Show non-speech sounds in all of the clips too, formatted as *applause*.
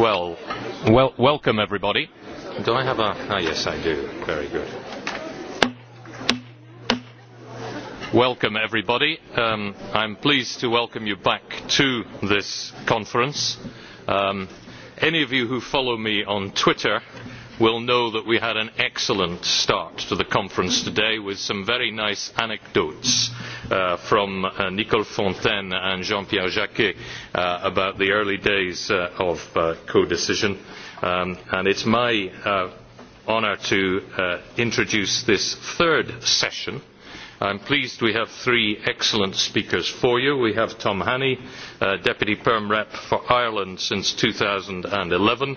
Well, well, welcome everybody. Do I have a... Ah, yes, I do. Very good. Welcome everybody. Um, I'm pleased to welcome you back to this conference. Um, any of you who follow me on Twitter will know that we had an excellent start to the conference today with some very nice anecdotes Uh, from uh, Nicole Fontaine and Jean-Pierre Jacquet uh, about the early days of codecision. Um, and it is my honour to introduce this third session i am pleased we have three excellent speakers for you. we have tom hannay deputy perm rep for ireland since two thousand and eleven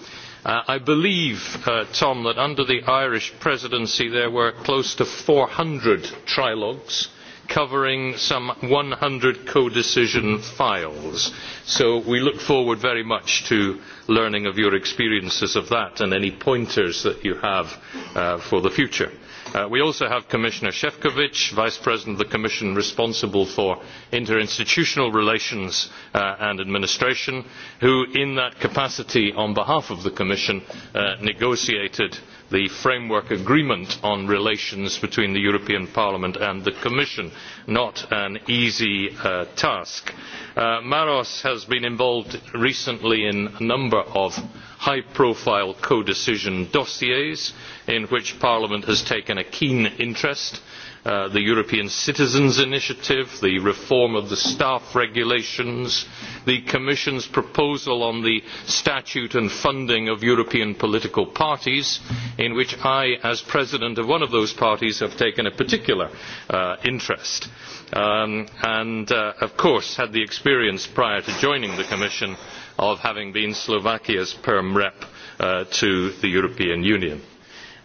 Uh, I believe, uh, Tom, that under the Irish Presidency there were close to 400 trilogues covering some 100 codecision files. So we look forward very much to learning of your experiences of that and any pointers that you have uh, for the future. Uh, we also have Commissioner efovi Vice President of the Commission responsible for interinstitutional relations uh, and administration, who in that capacity on behalf of the Commission uh, negotiated the framework agreement on relations between the european parliament and the commission not an easy uh, task. Uh, maros has been involved recently in a number of high profile codecision dossiers in which parliament has taken a keen interest Uh, the European Citizens Initiative, the reform of the staff regulations, the Commission's proposal on the statute and funding of European political parties, in which I, as President of one of those parties, have taken a particular uh, interest, um, and uh, of course had the experience prior to joining the Commission of having been Slovakia's Perm Rep to the European Union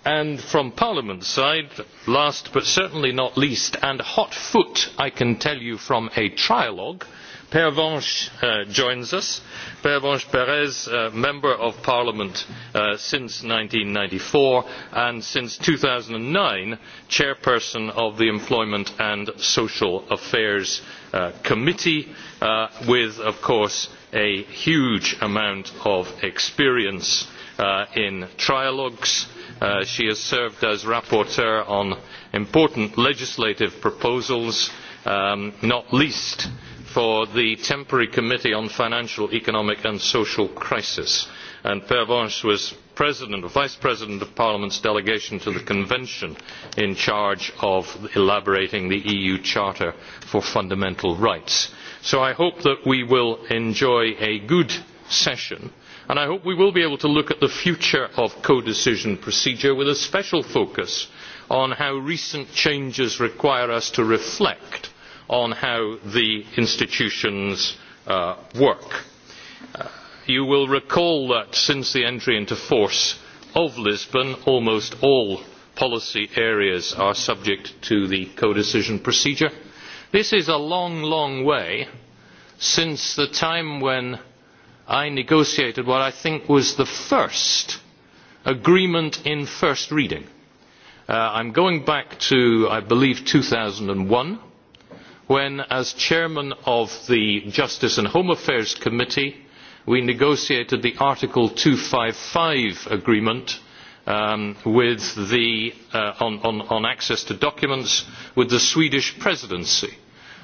and from parliament's side last but certainly not least and hot foot i can tell you from a trialogue pervenche uh, joins us pervenche Perez, uh, member of parliament uh, since thousand since 1994 and since two thousand nine chairperson of the employment and social affairs committee with of course a huge amount of experience Uh, in trialogues. Uh, she has served as rapporteur on important legislative proposals, um, not least for the temporary committee on financial, economic and social crisis. And Pervenche was president vice president of Parliament's delegation to the convention in charge of elaborating the EU Charter for Fundamental Rights. So I hope that we will enjoy a good session and i hope we will be able to look at the future of codecision procedure with a special focus on how recent changes require us to reflect on how the institutions uh, work. Uh, you will recall that since the entry into force of lisbon almost all policy areas are subject to the codecision procedure. this is a long long way since the time when i negotiated what i think was the first agreement in first reading. Uh, i am going back to i believe two thousand one when as chairman of the justice and home affairs committee we negotiated the article two hundred and fifty five agreement um, uh, on, access to documents with the swedish presidency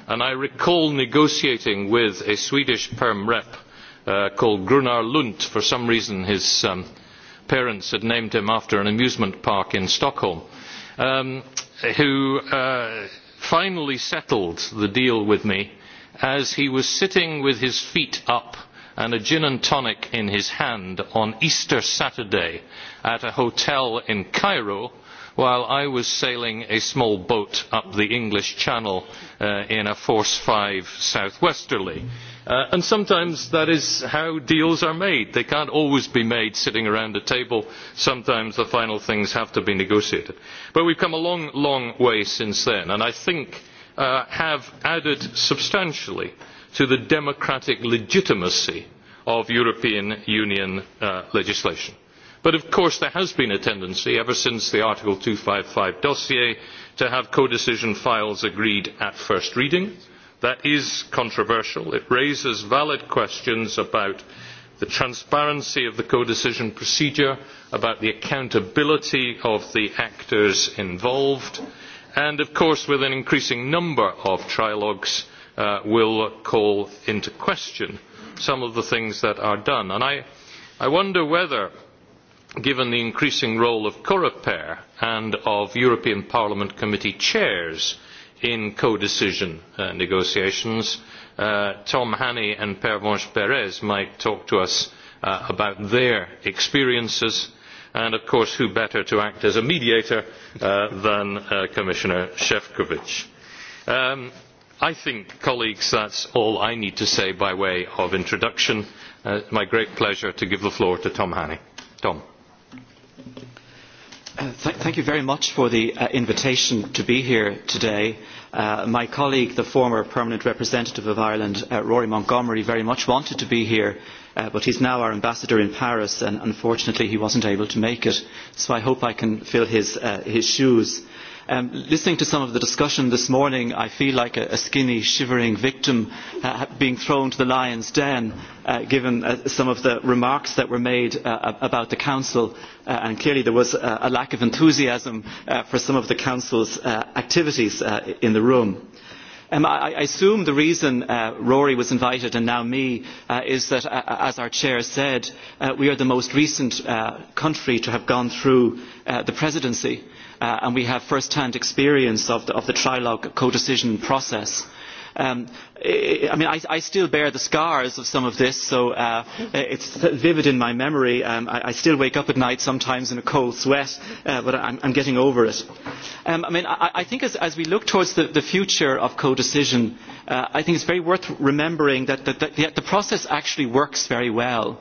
and i recall negotiating with a swedish perm rep Uh, called Grunar Lund. For some reason, his um, parents had named him after an amusement park in Stockholm, um, who uh, finally settled the deal with me as he was sitting with his feet up and a gin and tonic in his hand on Easter Saturday at a hotel in Cairo while I was sailing a small boat up the English Channel Uh, in a force five south westerly. Uh, and sometimes that is how deals are made. They cannot always be made sitting around a table. Sometimes the final things have to be negotiated. But we have come a long, long way since then, and I think uh, have added substantially to the democratic legitimacy of European Union legislation. But of course there has been a tendency ever since the Article two hundred and fifty five dossier to have codecision files agreed at first reading. that is controversial. it raises valid questions about the transparency of the codecision procedure about the accountability of the actors involved and of course with an increasing number of trilogues uh, will call into question some of the things that are done. And I, i wonder whether given the increasing role of coreper and of european parliament committee chairs in codecision uh, negotiations uh, tom hannay and pervenche bers might talk to us uh, about their experiences and of course who better to act as a mediator than commissioner efovi. Um, i think colleagues that is all i need to say by way of introduction. it is my great pleasure to give the floor to tom hannay. tom. Uh, thank you very much for the uh, invitation to be here today. Uh, my colleague, the former permanent representative of Ireland, Rory Montgomery, very much wanted to be here, but he is now our ambassador in Paris and unfortunately he was not able to make it, so I hope I can fill his shoes. Um, listening to some of the discussion this morning, I feel like a, skinny, shivering victim being thrown to the lion's den, uh, given uh, some of the remarks that were made uh, about the Council. and clearly there was a lack of enthusiasm for some of the Council's activities in the room Um, I, I assume the reason uh, Rory was invited and now me uh, is that, uh, as our Chair said, we are the most recent country to have gone through the Presidency and we have first hand experience of the, of the trilogue codecision process. Um, I mean, I, still bear the scars of some of this, so it uh, it's vivid in my memory. Um, I, still wake up at night sometimes in a cold sweat, uh, but I am getting over it. Um, I think as, we look towards the, future of codecision, uh, I think it's very worth remembering that, the process actually works very well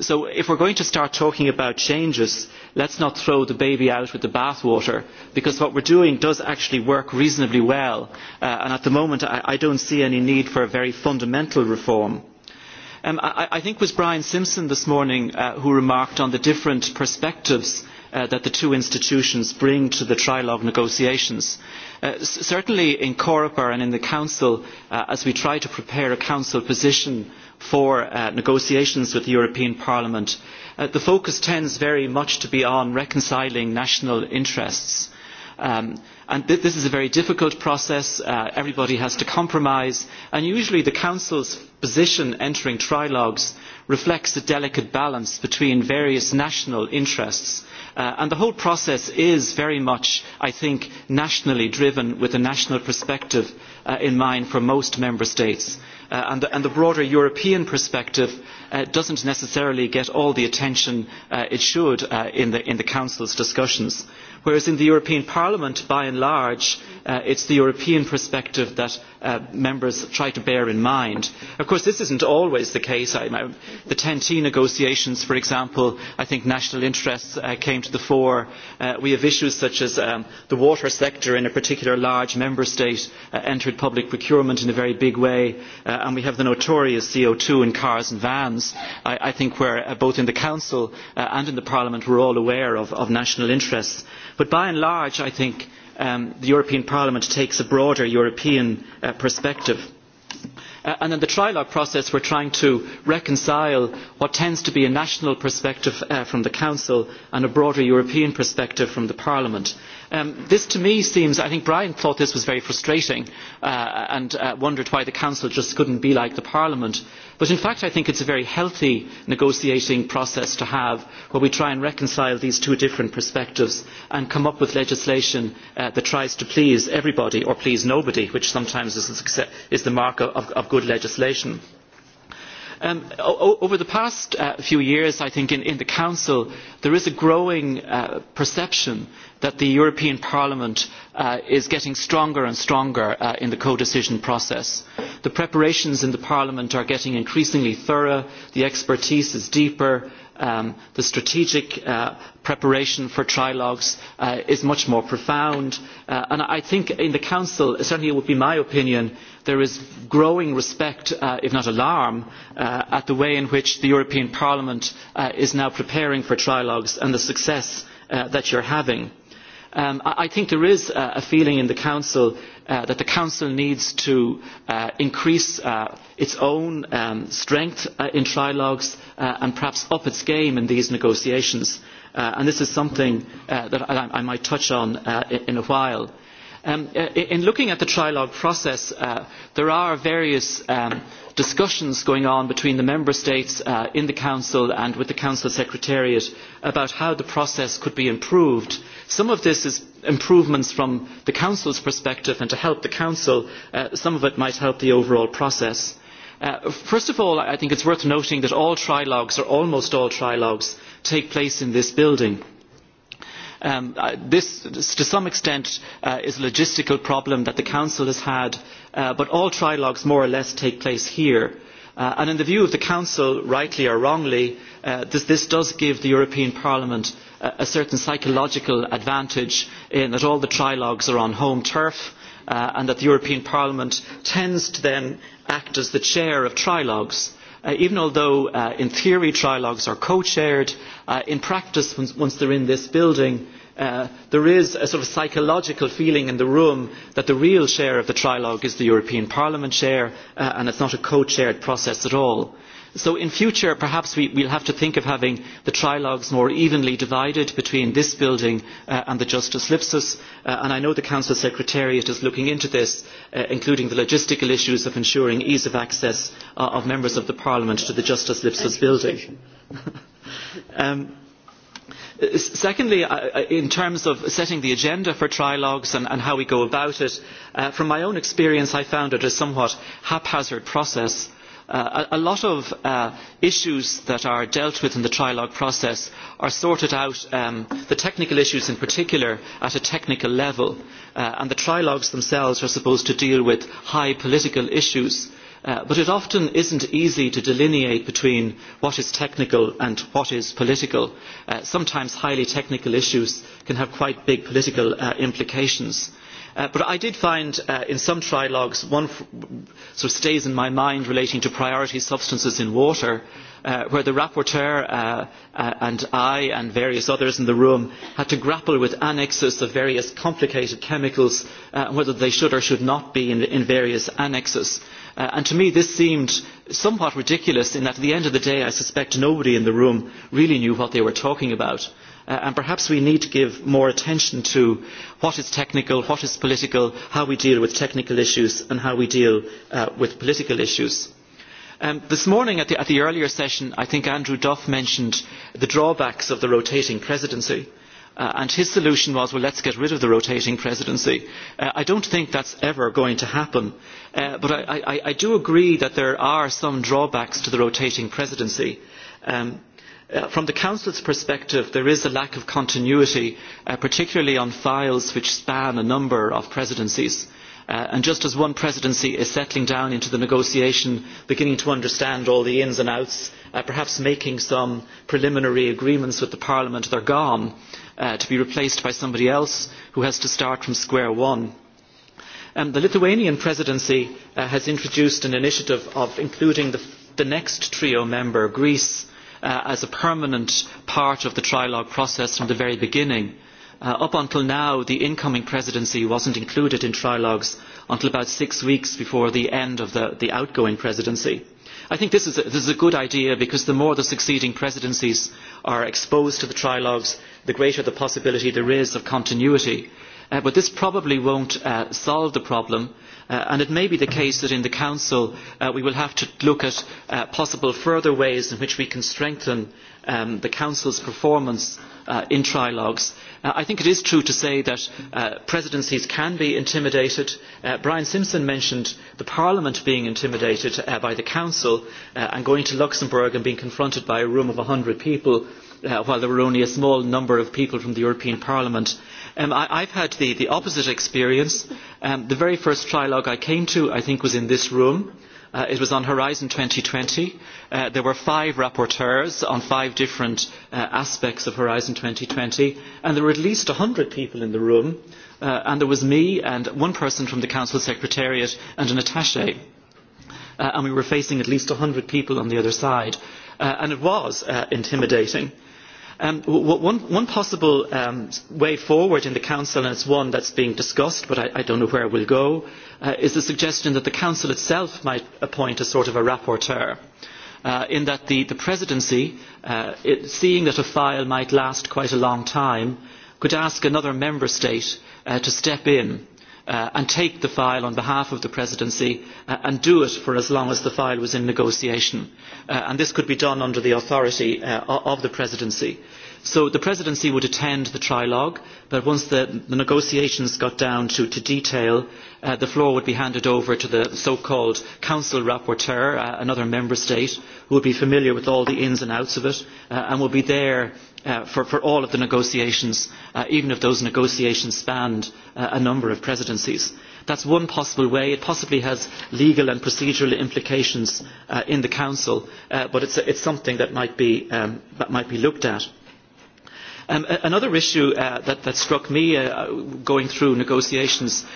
so if we are going to start talking about changes let us not throw the baby out with the bathwater because what we are doing does actually work reasonably well uh, and at the moment i, do not see any need for a very fundamental reform. Um, I, think it was brian simpson this morning uh, who remarked on the different perspectives uh, that the two institutions bring to the trilogue negotiations. certainly in coreper and in the council as we try to prepare a council position for uh, negotiations with the European Parliament, uh, the focus tends very much to be on reconciling national interests. Um, and this is a very difficult process. Uh, everybody has to compromise, and usually the Council's position entering trilogues reflects a delicate balance between various national interests. and the whole process is very much, I think, nationally driven with a national perspective in mind for most Member States. Uh, and the, broader European perspective Uh, does not necessarily get all the attention uh, it should uh, in the, council's discussions whereas in the european parliament by and large it is the european perspective that members try to bear in mind. of course this is not always the case. the ten t negotiations for example i think national interests came to the fore. we have issues such as um, the water sector in a particular large member state entered public procurement in a very big way and we have the notorious co two in cars and vans i, think where uh, both in the council uh, and in the parliament we are all aware of, national interests but by and large i think um, the european parliament takes a broader european uh, perspective. and in the trilogue process we are trying to reconcile what tends to be a national perspective from the council and a broader european perspective from the parliament. Um, this to me seems i think brian thought this was very frustrating uh, and uh, wondered why the council just could not be like parliament but in fact i think it is a very healthy negotiating process to have where we try and reconcile these two different perspectives and come up with legislation uh, that tries to please everybody or please nobody which sometimes is the mark of good legislation. Um, over the past uh, few years, I think in, the Council, there is a growing uh, perception that the European Parliament uh, is getting stronger and stronger in the codecision process. The preparations in Parliament are getting increasingly thorough, the expertise is deeper, Um, the strategic uh, preparation for trilogues uh, is much more profound uh, and i think in the council certainly it would be my opinion there is growing respect if not alarm at the way in which the european parliament is now preparing for trilogues and the success that you are having. Um, I, think there is a feeling in the Council uh, that the Council needs to uh, increase uh, its own um, strength in trilogues and perhaps up its game in these negotiations, and this is something that I, might touch on in a while. Um, in looking at the trilogue process, there are various discussions going on between the member states uh, in the council and with the council secretariat about how the process could be improved some of this is improvements from the council's perspective and to help the council uh, some of it might help the overall process uh, first of all i think it is worth noting that all trilogues or almost all trilogues take place in this building um, this, this to some extent is a logistical problem that the council has had Uh, but all trilogues more or less take place here. Uh, and in the view of the council rightly or wrongly uh, this, does give the european parliament a, certain psychological advantage in that all the trilogues are on home turf and that the european parliament tends to then act as the chair of trilogues. even although in theory trilogues are co chaired in practice once, once they are in this building Uh, there is a sort of psychological feeling in the room that the real share of the trilogue is the European Parliament share uh, and it is not a co-chaired process at all. So in future perhaps we will have to think of having the trilogues more evenly divided between this building uh, and the Justice Lipsus and I know the Council Secretariat is looking into this including the logistical issues of ensuring ease of access of members of the Parliament to the Justice Lipsus building. *laughs* Um, Secondly, in terms of setting the agenda for trilogues and, how we go about it, uh, from my own experience I found it a somewhat haphazard process. Uh, a, lot of uh, issues that are dealt with in the trilogue process are sorted out, um, the technical issues in particular, at a technical level, and the trilogues themselves are supposed to deal with high political issues Uh, but it often is not easy to delineate between what is technical and what is political. Uh, sometimes highly technical issues can have quite big political uh, implications. but I did find in some trilogues one sort of stays in my mind relating to priority substances in water, where the rapporteur and I and various others in the room had to grapple with annexes of various complicated chemicals and whether they should or should not be in various annexes. Uh, and to me this seemed somewhat ridiculous in that at the end of the day I suspect nobody in the room really knew what they were talking about. Uh, and perhaps we need to give more attention to what is technical, what is political, how we deal with technical issues and how we deal uh, with political issues. Um, this morning at the, at the earlier session I think Andrew Duff mentioned the drawbacks of the rotating presidency. Uh, and his solution was let us get rid of the rotating presidency. Uh, i do not think that is ever going to happen uh, but I, do agree that there are some drawbacks to the rotating presidency. Um, from the council's perspective there is a lack of continuity particularly on files which span a number of presidencies. and just as one presidency is settling down into the negotiation beginning to understand all the ins and outs perhaps making some preliminary agreements with parliament they are gone. Uh, to be replaced by somebody else who has to start from square one. Um, the Lithuanian presidency uh, has introduced an initiative of including the, next trio member, Greece, uh, as a permanent part of the trilogue process from the very beginning. up until now, the incoming presidency was not included in trilogues until about six weeks before the end of the, outgoing presidency. I think this is, a, this is a good idea because the more the succeeding presidencies are exposed to the trilogues, the greater the possibility there is of continuity Uh, but this probably will not uh, solve the problem uh, and it may be the case that in the council we will have to look at possible further ways in which we can strengthen um, the council's performance in trilogues. i think it is true to say that presidencies can be intimidated. brian simpson mentioned parliament being intimidated by the council and going to luxembourg and being confronted by a room of one hundred people while there were only a small number of people from the european parliament. Um, I, have had the, the opposite experience. Um, the very first trilogue I came to, I think, was in this room. Uh, it was on Horizon 2020. Uh, there were five rapporteurs on five different uh, aspects of Horizon 2020, and there were at least 100 people in the room, uh, and there was me and one person from the Council Secretariat and an attaché. and we were facing at least 100 people on the other side. and it was intimidating. Um, one, possible um, way forward in the Council, and is one that is being discussed, but I, do not know where it will go, uh, is the suggestion that the Council itself might appoint a sort of a rapporteur. Uh, in that the, presidency, uh, seeing that a file might last quite a long time, could ask another member state to step in Uh, and take the file on behalf of the presidency uh, and do it for as long as the file was in negotiation uh, and this could be done under the authority of the presidency so the presidency would attend the trilogue but once the, negotiations got down to, to detail the floor would be handed over to the so called council rapporteur another member state who would be familiar with all the ins and outs of it and would be there Uh, for, for all of the negotiations, uh, even if those negotiations spanned uh, a number of presidencies. That is one possible way. It possibly has legal and procedural implications in the Council, but it is something that might be, um, that might be looked at. Um, another issue that, that struck me going through negotiations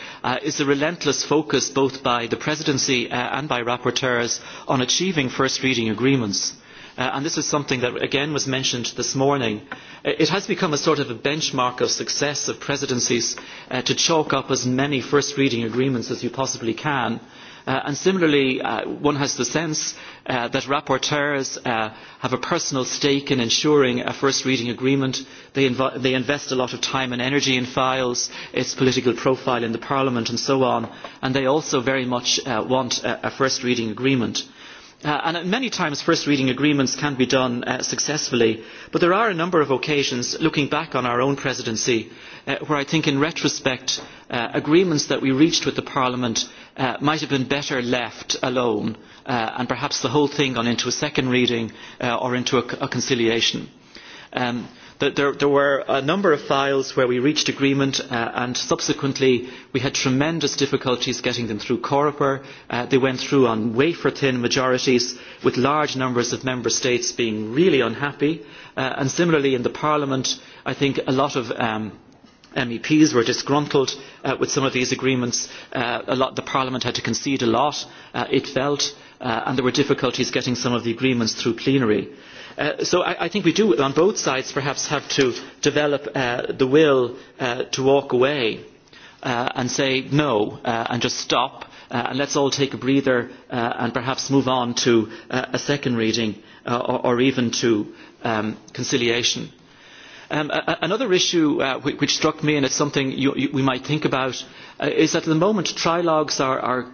is the relentless focus both by the presidency and by rapporteurs on achieving first reading agreements Uh, and this is something that again was mentioned this morning. Uh, it has become a sort of a benchmark of success of presidencies uh, to chalk up as many first reading agreements as you possibly can. and similarly, one has the sense that rapporteurs have a personal stake in ensuring a first reading agreement. They, invest a lot of time and energy in files, its political profile in the Parliament and so on, and they also very much want a first reading agreement. Uh, and many times first reading agreements can be done uh, successfully but there are a number of occasions looking back on our own presidency uh, where i think in retrospect agreements that we reached with parliament might have been better left alone and perhaps the whole thing gone into a second reading or into a, conciliation. Um, that there, there were a number of files where we reached agreement uh, and subsequently we had tremendous difficulties getting them through coreper. Uh, they went through on wafer thin majorities with large numbers of member states being really unhappy uh, and similarly in the parliament i think a lot of meps um, were disgruntled with some of these agreements a lot, the parliament had to concede a lot it felt and there were difficulties getting some of the agreements through plenary. Uh, so I, I think we do on both sides perhaps have to develop uh, the will uh, to walk away and say no and just stop and let's all take a breather and perhaps move on to a second reading or, even to um, conciliation. Um, another issue which struck me and is something we might think about is that at the moment trilogues are, are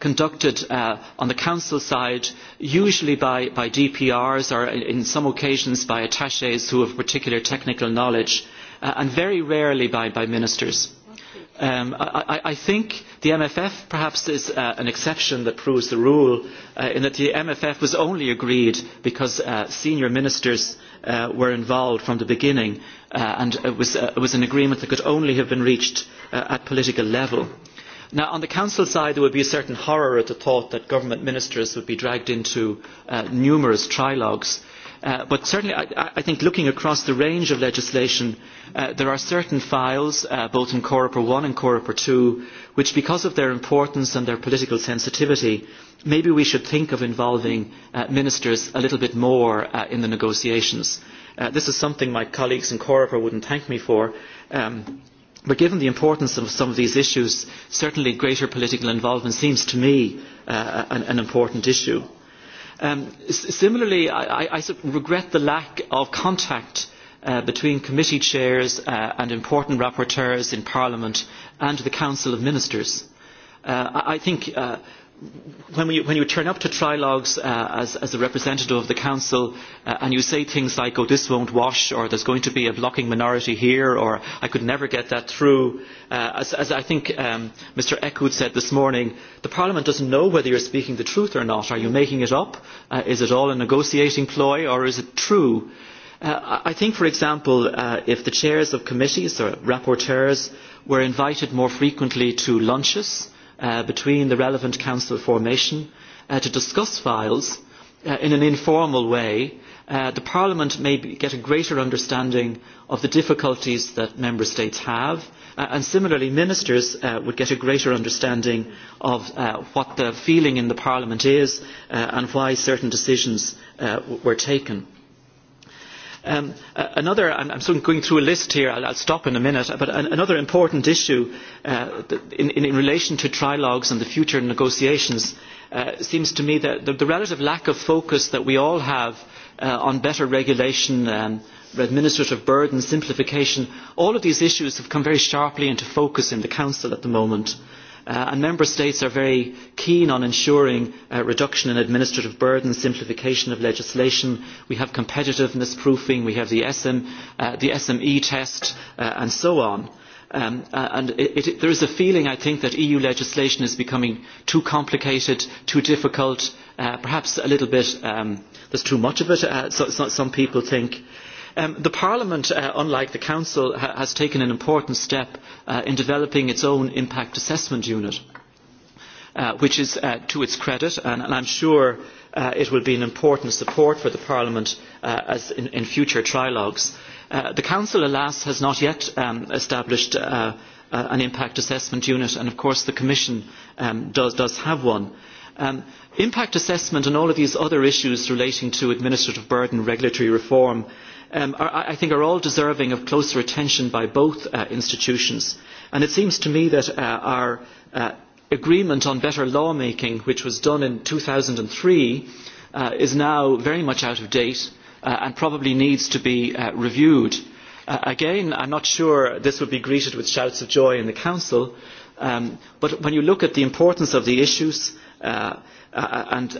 conducted uh, on the council side usually by, by dprs or in some occasions by attaches who have particular technical knowledge uh, and very rarely by, by ministers. Um, I, think the MFF perhaps is uh, an exception that proves the rule in that the MFF was only agreed because senior ministers were involved from the beginning and it was, it was an agreement that could only have been reached at political level on the Council side, there would be a certain horror at the thought that government ministers would be dragged into uh, numerous trilogues. Uh, but certainly, I, I think looking across the range of legislation, uh, there are certain files, both in Coreper 1 and Coreper 2, which, because of their importance and their political sensitivity, maybe we should think of involving ministers a little bit more in the negotiations. This is something my colleagues in Coreper wouldn't thank me for. Um, But given the importance of some of these issues, certainly greater political involvement seems to me uh, an, important issue. Um, similarly, I, I regret the lack of contact uh, between committee chairs uh, and important rapporteurs in Parliament and the Council of Ministers. I think when, we, when you turn up to trilogues uh, as, as a representative of the council uh, and you say things like, oh, this won't wash, or there's going to be a blocking minority here, or I could never get that through, uh, as, as I think Mr. Um, Eckhout said this morning, the Parliament doesn't know whether you're speaking the truth or not. Are you making it up? is it all a negotiating ploy, or is it true? I think, for example, if the chairs of committees or rapporteurs were invited more frequently to lunches, Uh, between the relevant council formation uh, to discuss files uh, in an informal way the parliament may get a greater understanding of the difficulties that member states have and similarly ministers would get a greater understanding of what the feeling in the parliament is and why certain decisions were taken i um, another, I'm, am going through a list here, I'll, will stop in a minute, but another important issue uh, in, relation to trilogues and the future negotiations uh, seems to me that the, relative lack of focus that we all have uh, on better regulation, and administrative burden, simplification, all of these issues have come very sharply into focus in the Council at the moment. Uh, and member states are very keen on ensuring uh, reduction in administrative burden simplification of legislation we have competitiveness proofing we have the, sme uh, e test and so on. Um, there is a feeling i think that eu legislation is becoming too complicated too difficult perhaps a little bit um, there is too much of it some people think Um, the Parliament, uh, unlike the Council, has taken an important step uh, in developing its own impact assessment unit, uh, which is to its credit, and, I am sure it will be an important support for Parliament in, future trilogues. The Council, alas, has not yet um, established an impact assessment unit, and of course the Commission um, does, have one. impact assessment and all of these other issues relating to administrative burden regulatory reform Um, I think are all deserving of closer attention by both uh, institutions. And it seems to me that uh, our uh, agreement on better lawmaking, which was done in 2003, uh, is now very much out of date and probably needs to be reviewed. again, I'm not sure this would be greeted with shouts of joy in the Council, um, but when you look at the importance of the issues, and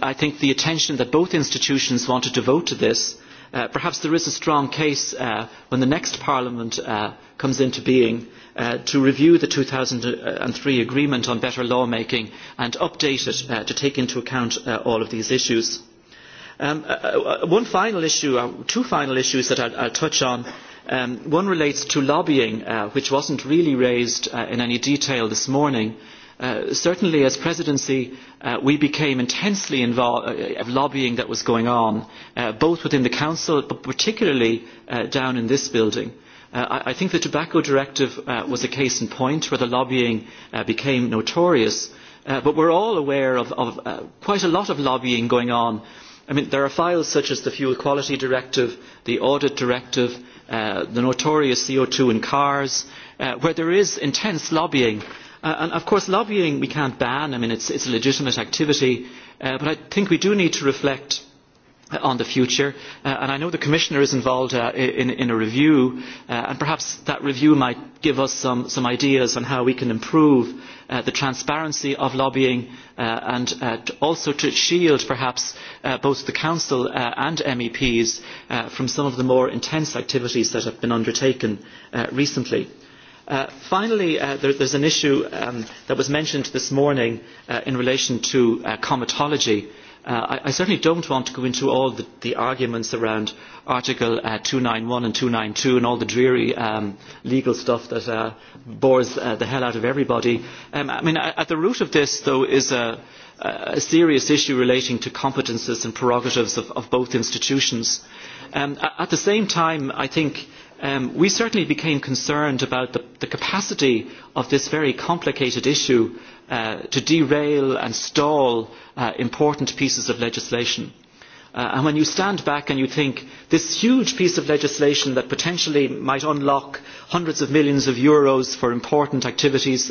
I think the attention that both institutions want to devote to this, Uh, perhaps there is a strong case uh, when the next Parliament uh, comes into being to review the 2003 Agreement on Better Lawmaking and update it to take into account all of these issues. Um, one final issue, or two final issues that I will touch on. Um, one relates to lobbying, which was not really raised in any detail this morning. Certainly as Presidency Uh, we became intensely involved the uh, uh, lobbying that was going on both within the council but particularly down in this building. I, think the tobacco directive was a case in point where the lobbying became notorious but we are all aware of, of quite a lot of lobbying going on. I mean, there are files such as the fuel quality directive the audit directive the notorious co2 in cars where there is intense lobbying Uh, and of course lobbying we can't ban, I mean it's, a legitimate activity, uh, but I think we do need to reflect uh, on the future and I know the Commissioner is involved in, a review and perhaps that review might give us some, some ideas on how we can improve the transparency of lobbying and also to shield perhaps both the Council and MEPs from some of the more intense activities that have been undertaken recently. Uh, finally, uh, there, is an issue um, that was mentioned this morning uh, in relation to comitology. I, certainly do not want to go into all the, arguments around Article two hundred and one and two and all the dreary um, legal stuff that bores the hell out of everybody. Um, at the root of this, though, is a, serious issue relating to competences and prerogatives of, both institutions. at the same time, I think Um, we certainly became concerned about the, capacity of this very complicated issue uh, to derail and stall uh, important pieces of legislation. Uh, and when you stand back and you think this huge piece of legislation that potentially might unlock hundreds of millions of euros for important activities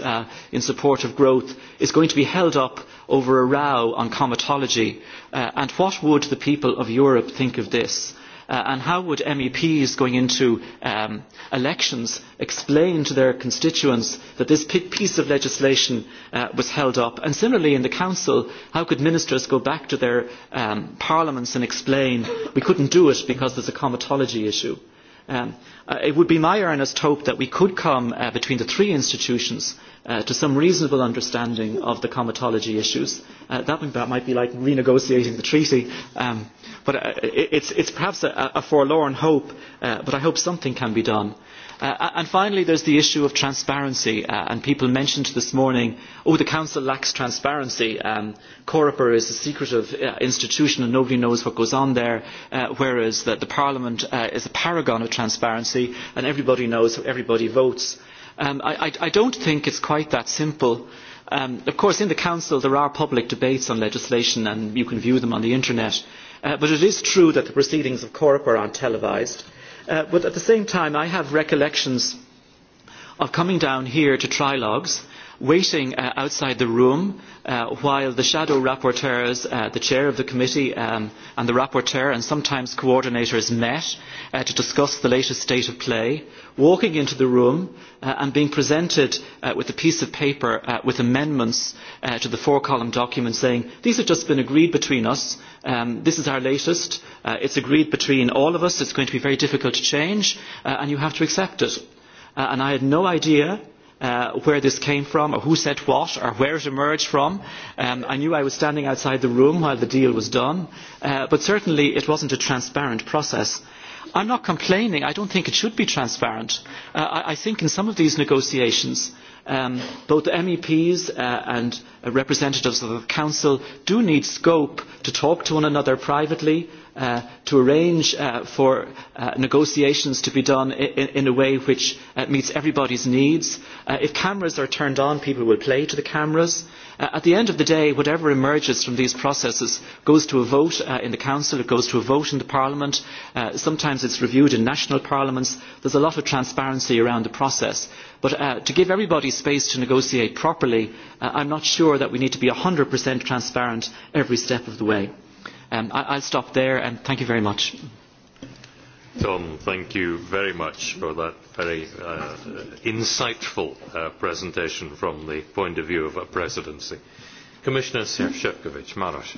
in support of growth is going to be held up over a row on comitology and what would the people of europe think of this? Uh, and how would meps going into um, elections explain to their constituents that this piece of legislation uh, was held up? and similarly in the council how could ministers go back to their um, parliaments and explain we could not do it because there is a comitology issue? Um, uh, it would be my earnest hope that we could come between the three institutions Uh, to some reasonable understanding of the comitology issues. Uh, that, that might be like renegotiating the treaty, um, but uh, it, it's, it's perhaps a, a forlorn hope, uh, but I hope something can be done. Uh, and finally there is the issue of transparency uh, and people mentioned this morning oh the council lacks transparency um, is a secretive uh, institution and nobody knows what goes on there uh, whereas the, the parliament uh, is a paragon of transparency and everybody knows how everybody votes. Um, I, do not think it is quite that simple. Um, of course, in the Council there are public debates on legislation and you can view them on the internet, uh, but it is true that the proceedings of Coreper are televised. Uh, but at the same time I have recollections of coming down here to trilogues, waiting uh, outside the room Uh, while the shadow rapporteurs uh, the chair of the committee um, and the rapporteur and sometimes coordinators met uh, to discuss the latest state of play walking into the room and being presented with a piece of paper with amendments to the four column document saying these have just been agreed between us um, this is our latest it is agreed between all of us it is going to be very difficult to change and you have to accept it. And i had no idea Uh, where this came from or who said what or where it emerged from. Um, I knew I was standing outside the room while the deal was done, uh, but certainly it wasn't a transparent process. I'm not complaining. I don't think it should be transparent. Uh, I, I think in some of these negotiations, um, both MEPs uh, and uh, representatives of the Council do need scope to talk to one another privately, Uh, to arrange uh, for uh, negotiations to be done in, a way which meets everybody's needs. If cameras are turned on, people will play to the cameras. At the end of the day, whatever emerges from these processes goes to a vote in the Council, it goes to a vote in the Parliament, sometimes it is reviewed in national parliaments. There is a lot of transparency around the process. But to give everybody space to negotiate properly, I am not sure that we need to be one hundred transparent every step of the way. Um, I I'll stop there and thank you very much. Tom, thank you very much for that very uh, insightful uh, presentation from the point of view of a presidency. Commissioner Sefcovic, Maroš.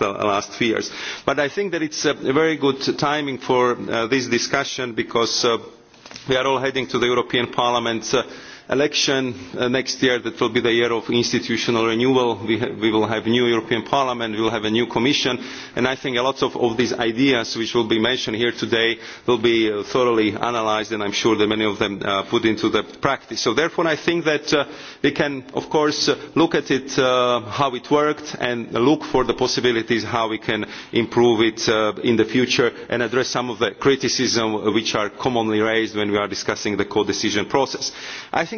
last, few years. But I think that it's a very good timing for uh, this discussion because uh, we are all heading to the European Parliament uh, election uh, next year that will be the year of institutional renewal we, will have new european parliament we will have a new commission and i think a lot of, these ideas which will be mentioned here today will be uh, thoroughly analysed and i am sure that many of them uh, put into the practice. so therefore i think that we can of course look at it how it worked and look for the possibilities how we can improve it in the future and address some of the criticism which are commonly raised when we are discussing the codecision process. i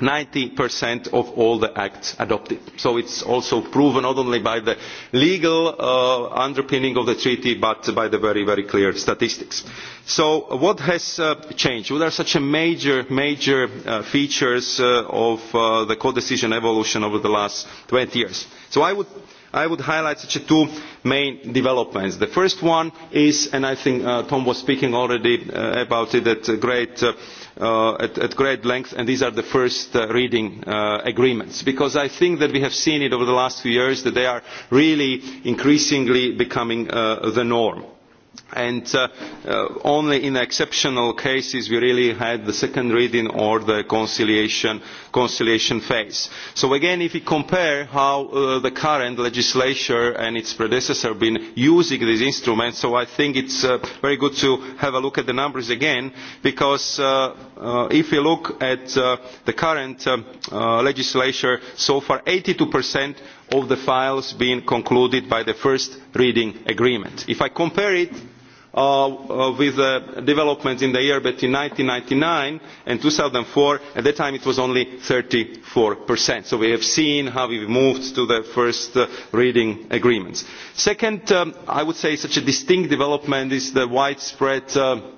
ninety of all the acts adopted. so it is also proven not only by the legal uh, underpinning of the treaty but by the very very clear statistics. so what has uh, changed? what are such a major major uh, features of the codecision evolution over the last twenty years? so i would i would highlight such two main developments. the first one is and i think uh, tom was speaking already uh, about it at great, uh, at great length and these are the first reading agreements because i think that we have seen it over the last few years that they are really increasingly becoming the norm and uh, uh, only in exceptional cases we really had the second reading or the conciliation, conciliation phase. So again, if we compare how uh, the current legislature and its predecessor have been using these instruments, so I think it's uh, very good to have a look at the numbers again, because uh, uh, if we look at the current um, legislature, so far 82% of the files being concluded by the first reading agreement. If I compare it uh, uh, with the uh, developments in the year between one and ninety nine and two thousand four at that time it was only thirty four so we have seen how we moved to the first reading agreements. second um, i would say such a distinct development is the widespread um,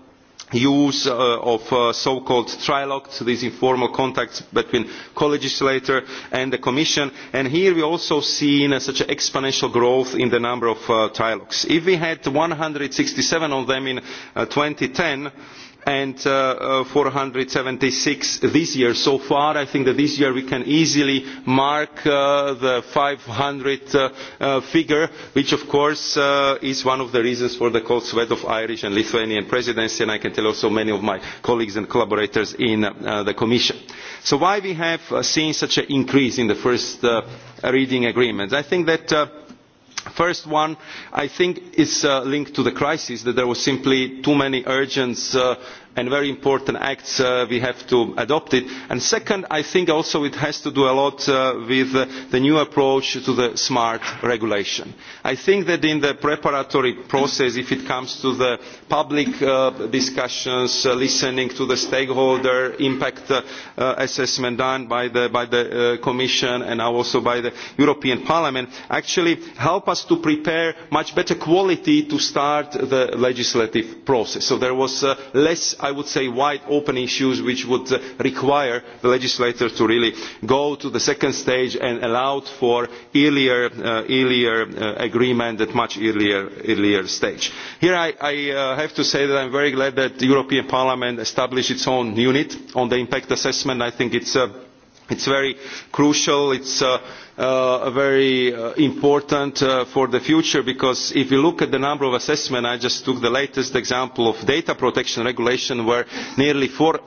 use uh, of uh, so called trilogues these informal contacts between co legislator and the commission and here we also seen uh, such an exponential growth in the number of trilogues. if we had one hundred and sixty seven of them in two thousand and ten and and seventy 476 this year so far i think that this year we can easily mark uh, the the 500 uh, uh, figure which of course is one of the reasons for the cold sweat of irish and lithuanian presidency and i can tell also many of my colleagues and collaborators in the commission so why we have seen such an increase in the first reading agreement i think that first one i think is uh, linked to the crisis that there were simply too many urgent uh, and very important acts uh, we have to adopt it. And second, I think also it has to do a lot uh, with the new approach to the smart regulation. I think that in the preparatory process, if it comes to the public uh, discussions, listening to the stakeholder impact assessment done by the, by the Commission and also by the European Parliament, actually help us to prepare much better quality to start the legislative process. So there was less i would say wide open issues which would uh, require the legislator to really go to the second stage and allow for earlier, uh, earlier uh, agreement at much earlier, earlier stage. here i, I have to say that i am very glad that the european parliament established its own unit on the impact assessment. i think it is very crucial. it uh, very uh, important uh, for the future because if you look at the number of assessments i just took the latest example of data protection regulation where nearly four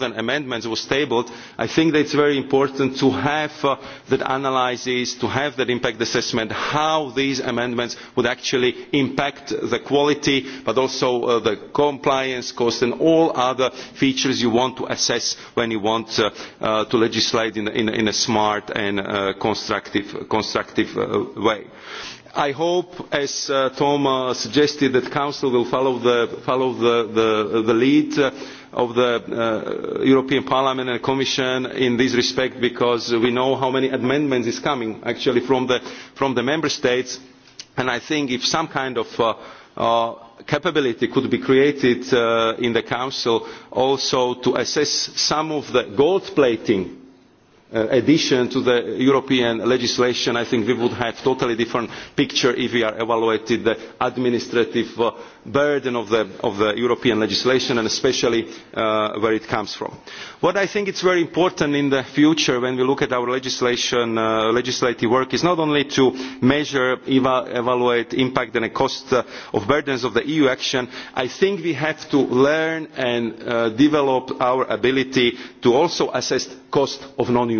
amendments were tabled i think that it is very important to have uh, that analysis to have that impact assessment how these amendments would actually impact the quality but also the compliance cost and all other features you want to assess when you want to legislate in, in a smart and constant constructive, uh, way. I hope, as uh, Tom suggested, that the Council will follow the, lead uh, of the European Parliament and Commission in this respect, because we know how many amendments are coming actually from the, from the Member States, and I think if some kind of capability could be created in the Council also to assess some of the gold plating Uh, addition to the european legislation i think we would have a totally different picture if we are evaluating the administrative uh, burden of the, european legislation and especially uh, where it comes from. what i think is very important in the future when we look at our legislative work is not only to measure evaluate impact and cost of burdens of the eu action i think we have to learn and develop our ability to also assess the cost of non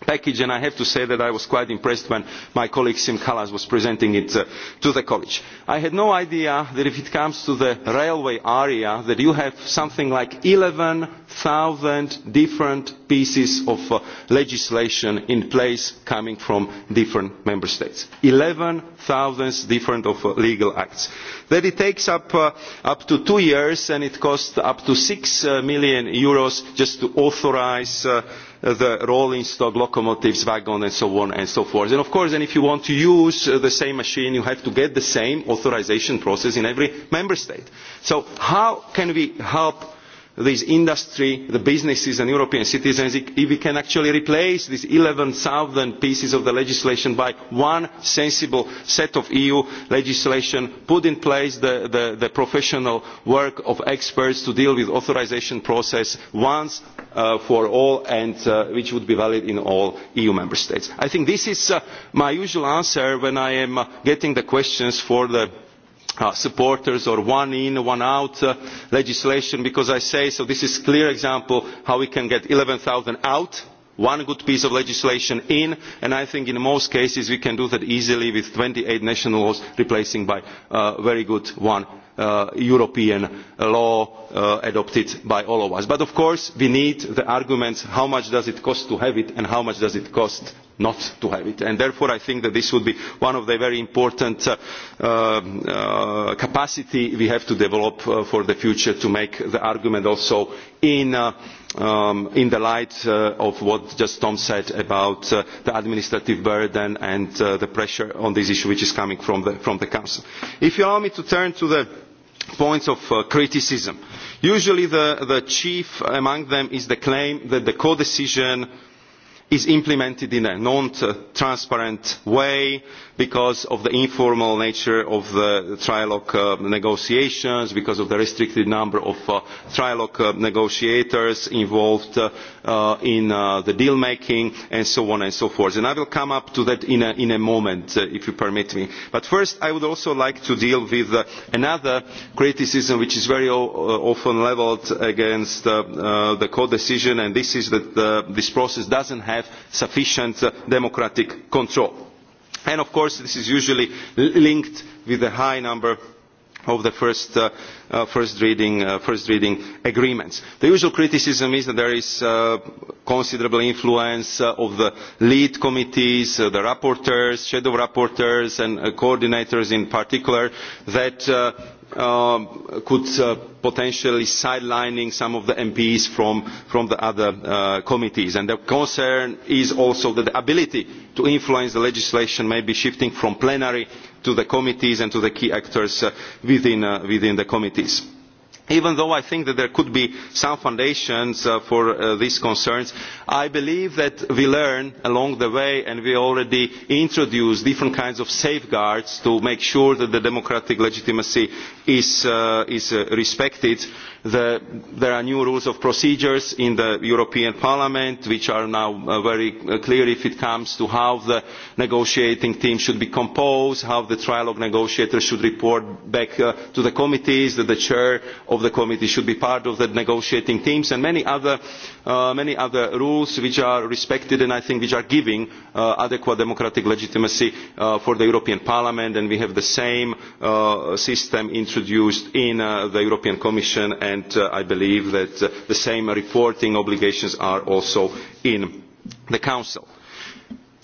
package and i have to say that i was quite impressed when my colleague sim kallas was presenting it uh, to the college. i had no idea that if it comes to the railway area that you have something like eleven zero different pieces of uh, legislation in place coming from different member states eleven zero different of, uh, legal acts. that it takes up, up to two years and it costs up to eur six million Euros just to authorise the rolling stock locomotives wagons and so on and so forth. of course if you want to use uh, the same machine you have to get the same authorisation process in every member state. so how can we help this industry the businesses and european citizens if we can actually replace these eleven pieces of the legislation by one sensible set of eu legislation put in place the, the professional work of experts to deal with the authorisation process once Uh, for all and uh, which would be valid in all eu member states. i think this is uh, my usual answer when i am getting the questions for the supporters or one in one out legislation because i say so this is a clear example of how we can get eleven out one good piece of legislation in and i think in most cases we can do that easily with twenty eight national laws replacing by a very good one Uh, european law uh, adopted by all of us. but of course we need the arguments how much does it cost to have it and how much does it cost not to have it? And therefore i think that this would be one of the very important uh, capacity we have to develop for the future to make the argument also in um, the light of what just Tom said about the administrative burden and the pressure on this issue which is coming from the Council. If you allow me to turn to the points of uh, criticism. Usually the, chief among them is the claim that the codecision is implemented in a non transparent way because of the informal nature of the trilogue uh, negotiations because of the restricted number of uh, trilogue uh, negotiators involved uh, in the deal making and so on and so forth. And i will come up to that in a, in a moment if you permit me. but first i would also like to deal with another criticism which is very often levelled against the codecision and this is that this process does not have sufficient democratic control and of course this is usually linked with a high number of the first, uh, uh, first, reading, uh, first reading agreements. The usual criticism is that there is uh, considerable influence uh, of the lead committees, the rapporteurs, shadow rapporteurs and coordinators in particular that Uh, could uh, potentially sidelining some of the MPs from, the other uh, committees. And the concern is also that the ability to influence the legislation may be shifting from plenary to the committees and to the key actors within the committees even though i think that there could be some foundations uh, for uh, these concerns i believe that we learn along the way and we already introduced different kinds of safeguards to make sure that the democratic legitimacy is, uh, respected. there are new rules of procedures in the european parliament which are now very clear if it comes to how the negotiating team should be composed how the trilogue negotiators should report back to the committees that the chair of of the committee should be part of the negotiating teams and many other, uh, rules which are respected and I think which are giving uh, adequate democratic legitimacy uh, for the European Parliament and we have the same system introduced in the European Commission and I believe that the same reporting obligations are also in the Council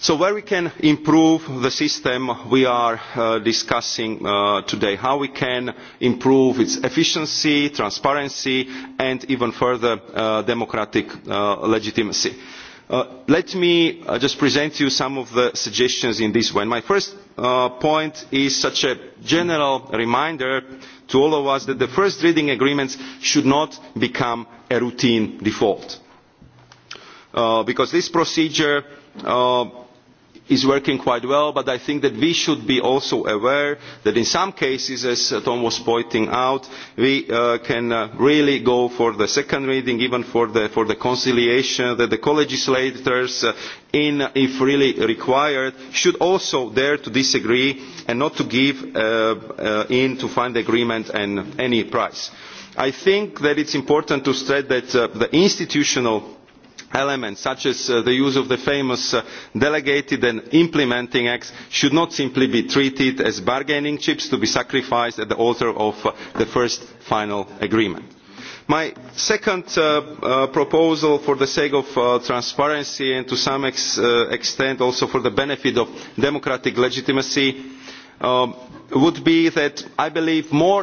so where we can improve the system we are uh, discussing uh, today how we can improve its efficiency transparency and even further uh, democratic legitimacy let me just present you some of the suggestions in this way my first point is such a general reminder to all of us that the first reading agreements should not become a routine default because this procedure is working quite well but i think that we should be also aware that in some cases as uh, tom was pointing out we uh, can uh, really go for the second reading even for the conciliation that the co legislators if really required should also dare to disagree and not to give in to find agreement at any price. i think that it is important to stress that the institutional elements such as uh, the use of the famous uh, delegated and implementing acts should not simply be treated as bargaining chips to be sacrificed at the altar of uh, the first final agreement. my second proposal for the sake of transparency and to some extent also for the benefit of democratic legitimacy um, would be that i believe more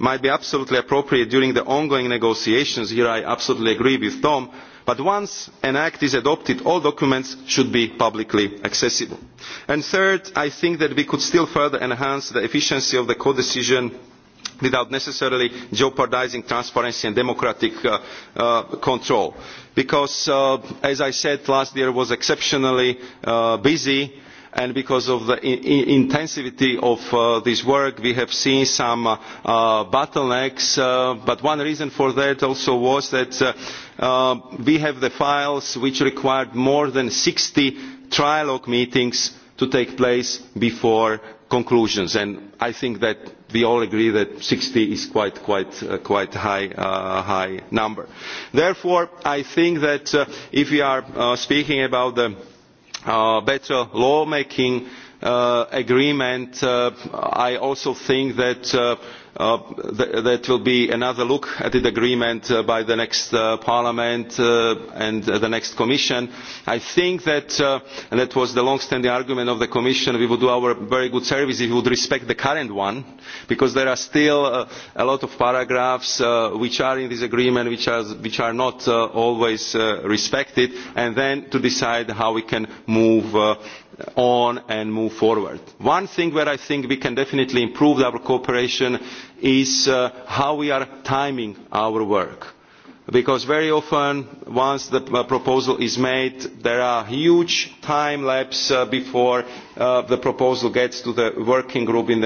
might be absolutely appropriate during the ongoing negotiations here i absolutely agree with tom but once an act is adopted all documents should be publicly accessible. And third i think that we could still further enhance the efficiency of the codecision without necessarily jeopardising transparency and democratic uh, uh, control because uh, as i said last year was exceptionally busy and because of the intensity of uh, this work we have seen some uh, bottlenecks uh, but one reason for that also was that we have the files which required more than 60 trilogue meetings to take place before conclusions and i think that we all agree that 60 is quite quite high number therefore i think that if we are speaking about the Uh, better law making uh, agreement uh, i also think that Uh, there that will be another look at the agreement uh, by the next uh, parliament and the next commission. i think that and that was the long standing argument of the commission we would do our very good service if we would respect the current one because there are still a lot of paragraphs which are in this agreement which are, which are not always respected and then to decide how we can move on and move forward. One thing where I think we can definitely improve our cooperation is uh, how we are timing our work. Because very often once the uh, proposal is made there are huge time lapse uh, before the proposal gets to the working group in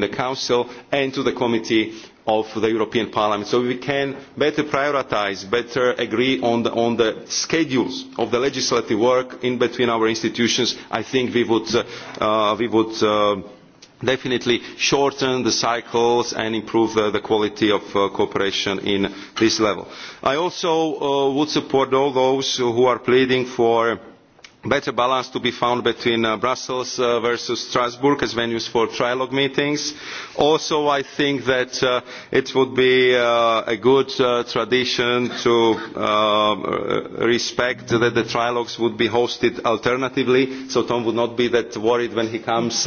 the Council and to the Committee of the European Parliament, so we can better prioritise, better agree on the, schedules of the legislative work in between our institutions. I think we would, uh, uh, uh, definitely shorten the cycles and improve the, quality of cooperation at this level. I also would support all those who are pleading for better balance to be found between uh, brussels uh, versus strasbourg as venues for trilogue meetings. also i think that uh, it would be uh, a good uh, tradition to uh, respect that the trilogues would be hosted alternatively so tom would not be that worried when he comes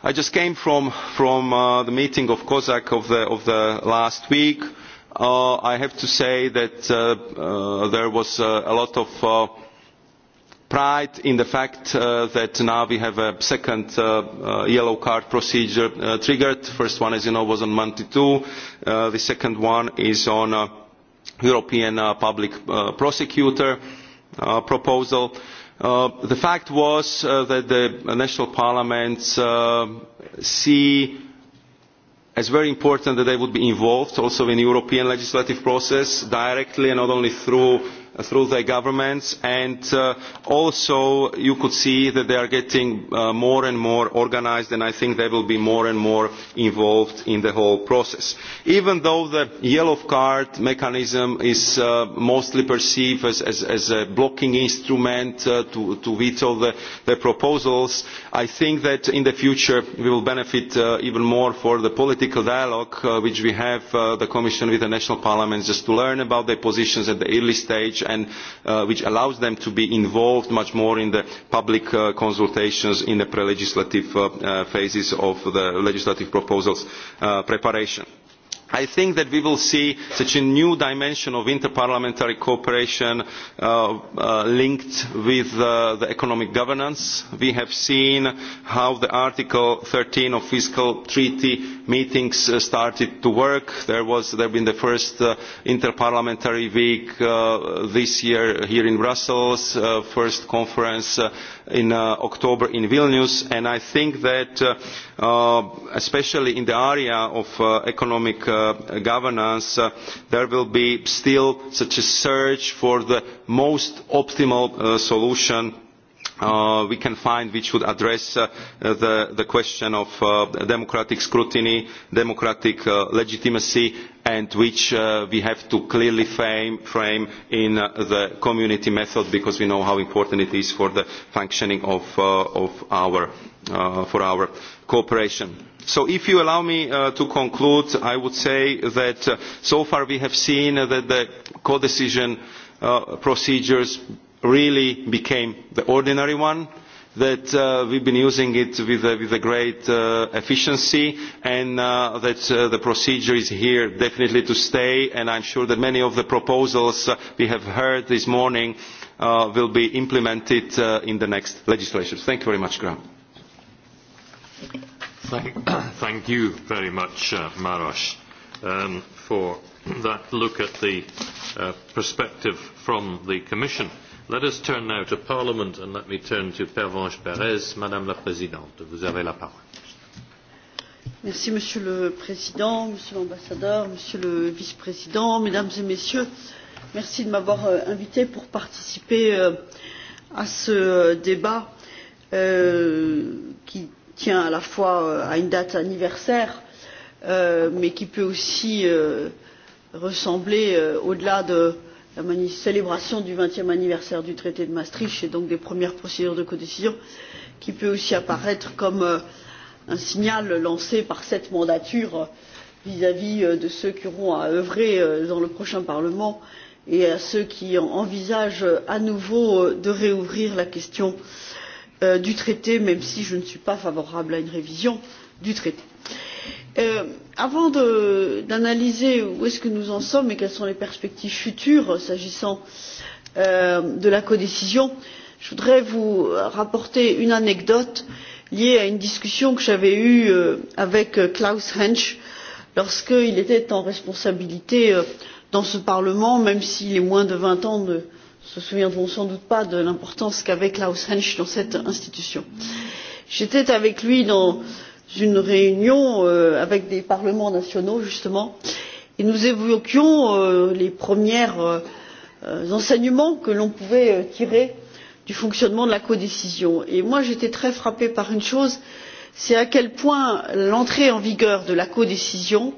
i just came from, uh, the meeting of COSAC of the, last week. Uh, I have to say that uh, there was a lot of pride in the fact that now we have a second yellow card procedure triggered. The first one, as you know, was on monday. 2. The second one is on European Public Prosecutor proposal Uh, the fact was uh, that the national parliaments uh, see as very important that they would be involved also in the European legislative process directly and not only through through their governments and uh, also you could see that they are getting uh, more and more organised and I think they will be more and more involved in the whole process. Even though the yellow card mechanism is uh, mostly perceived as, a blocking instrument to, veto the, proposals, I think that in the future we will benefit even more from the political dialogue which we have the Commission with the national parliaments just to learn about their positions at the early stage and uh, which allows them to be involved much more in the public uh, consultations in the pre legislative uh, phases of the legislative proposals preparation i think that we will see such a new dimension of interparliamentary cooperation uh, uh, linked with uh, economic governance. we have seen how the article thirteen of the fiscal treaty meetings started to work. there was been the first interparliamentary week this year here in brussels the first conference in uh, october in vilnius and i think that uh, uh, especially in the area of economic governance there will be still such a search for the most optimal solution Uh, we can find which would address uh, the, question of uh, democratic scrutiny, democratic legitimacy and which we have to clearly frame, in the community method because we know how important it is for the functioning of, of our, for our cooperation. So if you allow me to conclude, I would say that so far we have seen that the codecision procedures really became the ordinary one that we uh, we've been using it with, a great uh, efficiency and uh, that the procedure is here definitely to stay and I'm sure that many of the proposals we have heard this morning will be implemented in the next legislation. Thank you very much, Graham. Thank, *coughs* you very much, Maros, um, for that look at the perspective from the Commission. Let us turn now to Parliament and let me turn to Pervenche Perez. Madame la Présidente, vous avez la parole. Merci, Monsieur le Président, Monsieur l'Ambassadeur, Monsieur le Vice-président, Mesdames et Messieurs, merci de m'avoir euh, invité pour participer euh, à ce débat euh, qui tient à la fois euh, à une date anniversaire mais qui peut aussi ressembler au delà de la célébration du vingtième anniversaire du traité de maastricht et donc des premières procédures de codécision qui peut aussi apparaître comme euh, un signal lancé par cette mandature vis à vis de ceux qui auront à œuvrer euh, dans le prochain parlement et à ceux qui envisagent euh, à nouveau de réouvrir la question du traité même si je ne suis pas favorable à une révision du traité. Euh, avant d'analyser où est ce que nous en sommes et quelles sont les perspectives futures s'agissant euh, de la codécision je voudrais vous rapporter une anecdote liée à une discussion que j'avais eue euh, avec klaus hensch lorsqu'il était en responsabilité dans ce parlement même si les moins de vingt ans ne se souviendront sans doute pas de l'importance qu'avait klaus hensch dans cette institution. j'étais avec lui dans une réunion euh, avec des parlements nationaux justement et nous évoquions euh, les premiers euh, enseignements que l'on pouvait tirer du fonctionnement de la codécision. j'étais très frappée par une chose c'est à quel point l'entrée en vigueur de la codécision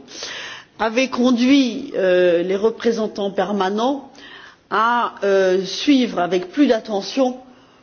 avait conduit les représentants permanents à suivre avec plus d'attention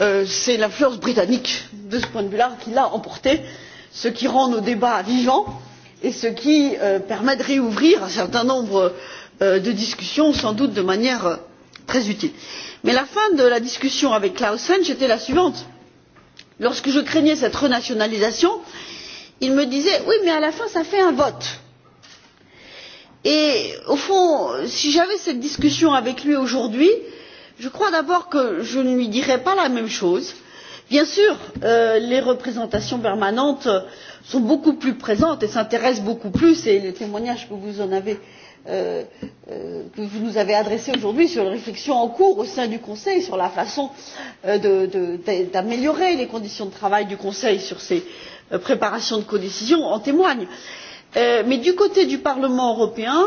Euh, c'est l'influence britannique de ce point de vue là qui l'a emporté ce qui rend nos débats vivants et ce qui euh, permet de rouvrir un certain nombre euh, de discussions sans doute de manière très utile. mais la fin de la discussion avec klaus hehn était la suivante lorsque je craignais cette renationalisation il me disait oui mais à la fin ça fait un vote. et au fond si j'avais cette discussion avec lui aujourd'hui je crois d'abord que je ne lui dirai pas la même chose. bien sûr euh, les représentations permanentes sont beaucoup plus présentes et s'intéressent beaucoup plus et les témoignages que vous, en euh, euh, nous avez adressés aujourd'hui sur les réflexions en cours au sein du conseil sur la façon d'améliorer les conditions de travail du conseil sur ces préparations de codécision en témoignent. mais du côté du parlement européen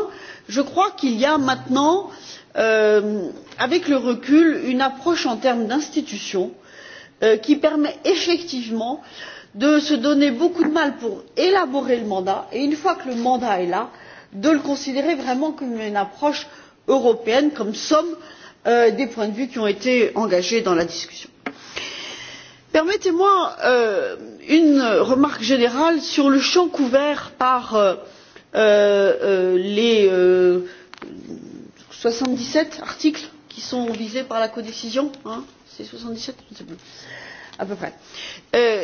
je crois qu'il y a maintenant Euh, avec le recul une approche en termes d'institutions euh, qui permet effectivement de se donner beaucoup de mal pour élaborer le mandat et une fois que le mandat est là de le considérer vraiment comme une approche européenne comme somme euh, des points de vue qui ont été engagés dans la discussion. permettez moi une remarque générale sur le champ couvert par les soixante dix sept articles qui sont visés par la codécision c'est soixante dix sept je ne sais plus à peu près euh,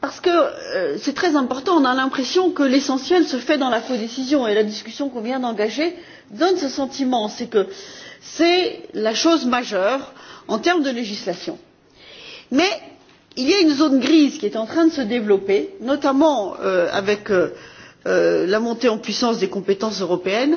parce que euh, c'est très important on a l'impression que l'essentiel se fait dans la codécision et la discussion qu'on vient d'engager donne ce sentiment c'est que c'est la chose majeure en termes de législation. mais il y a une zone grise qui est en train de se développer notamment euh, avec la montée en puissance des compétences européennes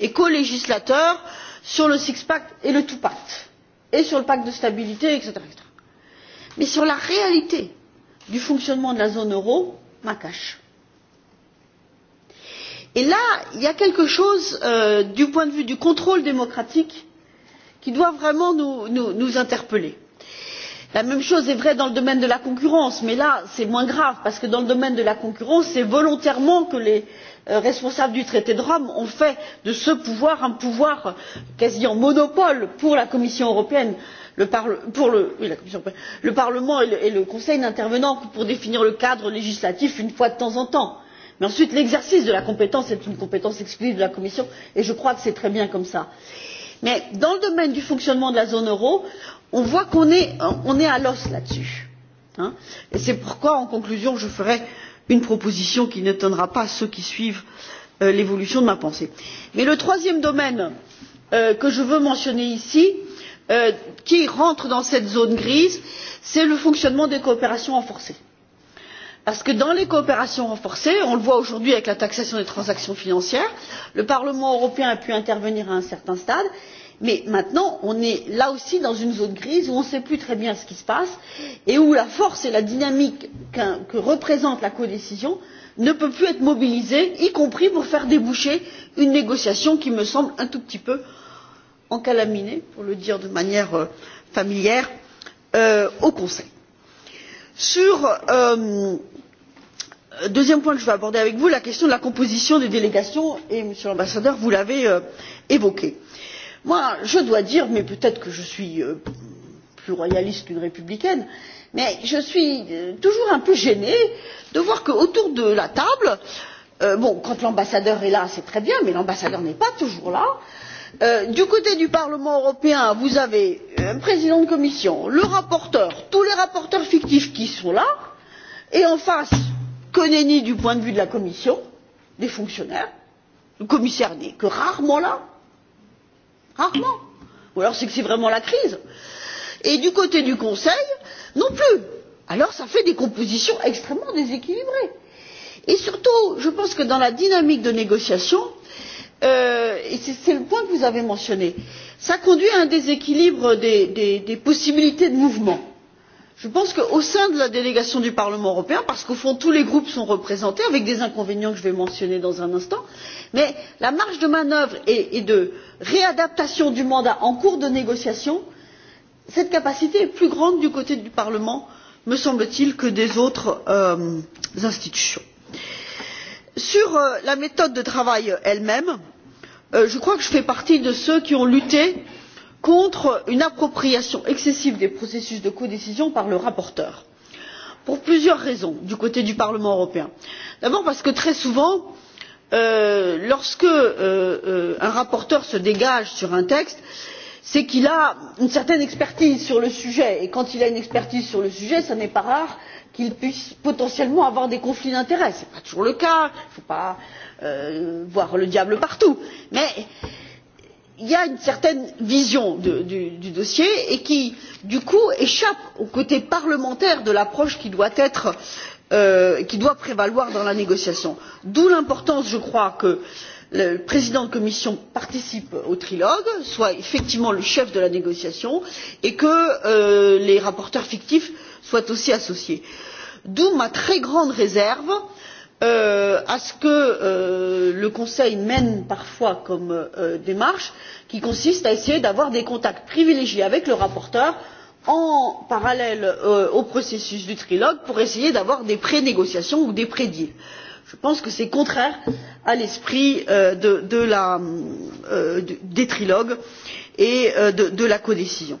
et colégislateur sur le six pack et le two pack et sur le pacte de stabilité etc. mais sur la réalité du fonctionnement de la zone euro ma et là il y a quelque chose euh, du point de vue du contrôle démocratique qui doit vraiment nous interpeller la même chose est vraie dans le domaine de la concurrence mais là c'est moins grave parce que dans le domaine de la concurrence c'est volontairement que les euh, responsables du traité de rome ont fait de ce pouvoir un pouvoir quasi en monopole pour la commission européenne le, pour le, parlement et le, et le conseil n'intervenant que pour définir le cadre législatif une fois de temps en temps. mais ensuite l'exercice de la compétence est une compétence exclusive de la commission et je crois que c'est très bien comme cela. mais dans le domaine du fonctionnement de la zone euro on voit qu'on est, on est à l'os là dessus et c'est pourquoi en conclusion je ferai une proposition qui n'étonnera pas ceux qui suivent euh, l'évolution de ma pensée. mais le troisième domaine euh, que je veux mentionner ici euh, qui rentre dans cette zone grise c'est le fonctionnement des coopérations renforcées parce que dans les coopérations renforcées on le voit aujourd'hui avec la taxation des transactions financières le parlement européen a pu intervenir à un certain stade mais maintenant on est là aussi dans une zone grise où on ne sait plus très bien ce qui se passe et où la force et la dynamique que représente la codécision ne peuvent plus être mobilisées y compris pour faire déboucher une négociation qui me semble un tout petit peu encalaminée pour le dire de manière euh, familière euh, au conseil. sur euh, deuxième point que je veux aborder avec vous la question de la composition des délégations et monsieur l'ambassadeur vous l'avez euh, évoqué. évoquée. Moi, je dois dire mais peut être que je suis euh, plus royaliste qu'une républicaine mais je suis euh, toujours un peu gênée de voir qu'autour de la table bon quand l'ambassadeur est là c'est très bien mais l'ambassadeur n'est pas toujours là du côté du parlement européen vous avez un président de commission le rapporteur tous les rapporteurs fictifs qui sont là et en face ni du point de vue de la commission des fonctionnaires le commissaire n'est que rarement là rarement ou alors c'est que c'est vraiment la crise et du côté du conseil non plus alors cela fait des compositions extrêmement déséquilibrées. et surtout je pense que dans la dynamique de négociation euh, et c'est le point que vous avez mentionné cela conduit à un déséquilibre des, des, des possibilités de mouvement je pense qu'au sein de la délégation du parlement européen parce qu'au fond tous les groupes sont représentés avec des inconvénients que je vais mentionner dans un instant mais la marge de manœuvre et de réadaptation du mandat en cours de négociation cette capacité est plus grande du côté du parlement me semble t il que des autres euh, institutions. sur euh, la méthode de travail elle même euh, je crois que je fais partie de ceux qui ont lutté contre une appropriation excessive des processus de codécision par le rapporteur pour plusieurs raisons du côté du parlement européen. d'abord parce que très souvent euh, lorsque lorsqu'un euh, euh, rapporteur se dégage sur un texte c'est qu'il a une certaine expertise sur le sujet et quand il a une expertise sur le sujet ce n'est pas rare qu'il puisse potentiellement avoir des conflits d'intérêts. ce n'est pas toujours le cas il ne faut pas voir le diable partout mais il y a une certaine vision du, dossier et qui du coup échappe au côté parlementaire de l'approche qui doit être euh, qui doit prévaloir dans la négociation d'où l'importance je crois que le président de la commission participe au trilogue soit effectivement le chef de la négociation et que euh, les rapporteurs fictifs soient aussi associés d'où ma très grande réserve Euh, à ce que euh, le conseil mène parfois comme euh, démarche qui consiste à essayer d'avoir des contacts privilégiés avec le rapporteur en parallèle au processus du trilogue pour essayer d'avoir des prénégociations ou des prédeals. je pense que c'est contraire à l'esprit de, des trilogues et de la codécision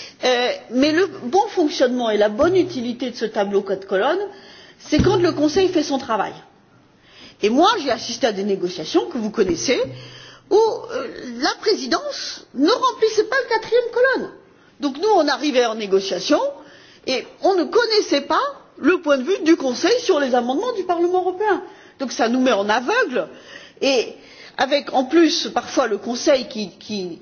Euh, mais le bon fonctionnement et la bonne utilité de ce tableau quatre colonnes c'est quand le conseil fait son travail. et moi j'ai assisté à des négociations que vous connaissez où euh, la présidence ne remplissait pas la quatrième colonne. donc nous on arrivait en négociation et on ne connaissait pas le point de vue du conseil sur les amendements du parlement européen. donc cela nous met en aveugle et avec en plus parfois le conseil qui, qui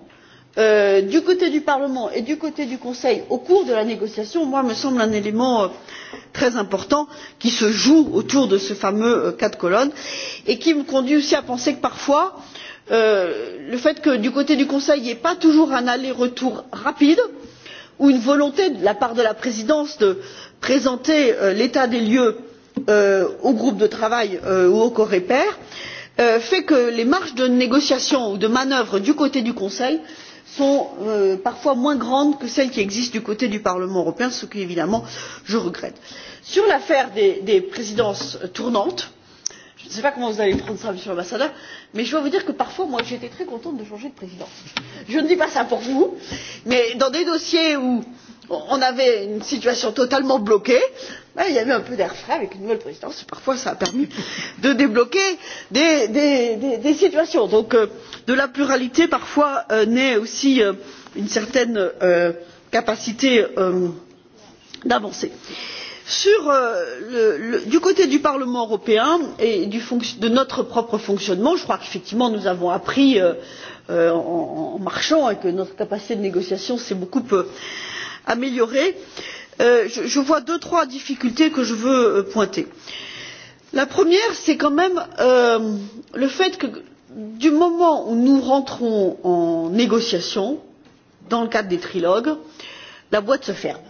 Euh, du côté du parlement et du côté du conseil au cours de la négociation moi, me semble un élément euh, très important qui se joue autour de ce fameux euh, quatre colonnes et qui me conduit aussi à penser que parfois le fait que du côté du conseil il n'y ait pas toujours un aller retour rapide ou une volonté de la part de la présidence de présenter l'état des lieux au groupe de travail ou au coreper fait que les marges de négociation ou de manœuvre du côté du conseil sont euh, parfois moins grandes que celles qui existent du côté du parlement européen ce que évidemment je regrette. sur l'affaire des, présidences tournantes je ne sais pas comment vous allez prendre cela monsieur l'ambassadeur mais je dois vous dire que parfois j'ai été très contente de changer de présidence. je ne dis pas cela pour vous mais dans des dossiers où on avait une situation totalement bloquée Là, il y a eu un peu d'air frais avec une nouvelle présidence. Parfois, ça a permis de débloquer des, des, des, situations. Donc, euh, de la pluralité, parfois, euh, naît aussi euh, une certaine capacité d'avancer. Le, du côté du Parlement européen et du de notre propre fonctionnement, je crois qu'effectivement, nous avons appris en, marchant et que notre capacité de négociation s'est beaucoup améliorée. Euh, je, vois deux trois difficultés que je veux euh, pointer. la première c'est quand même euh, le fait que du moment où nous rentrons en négociation dans le cadre des trilogues la boîte se ferme.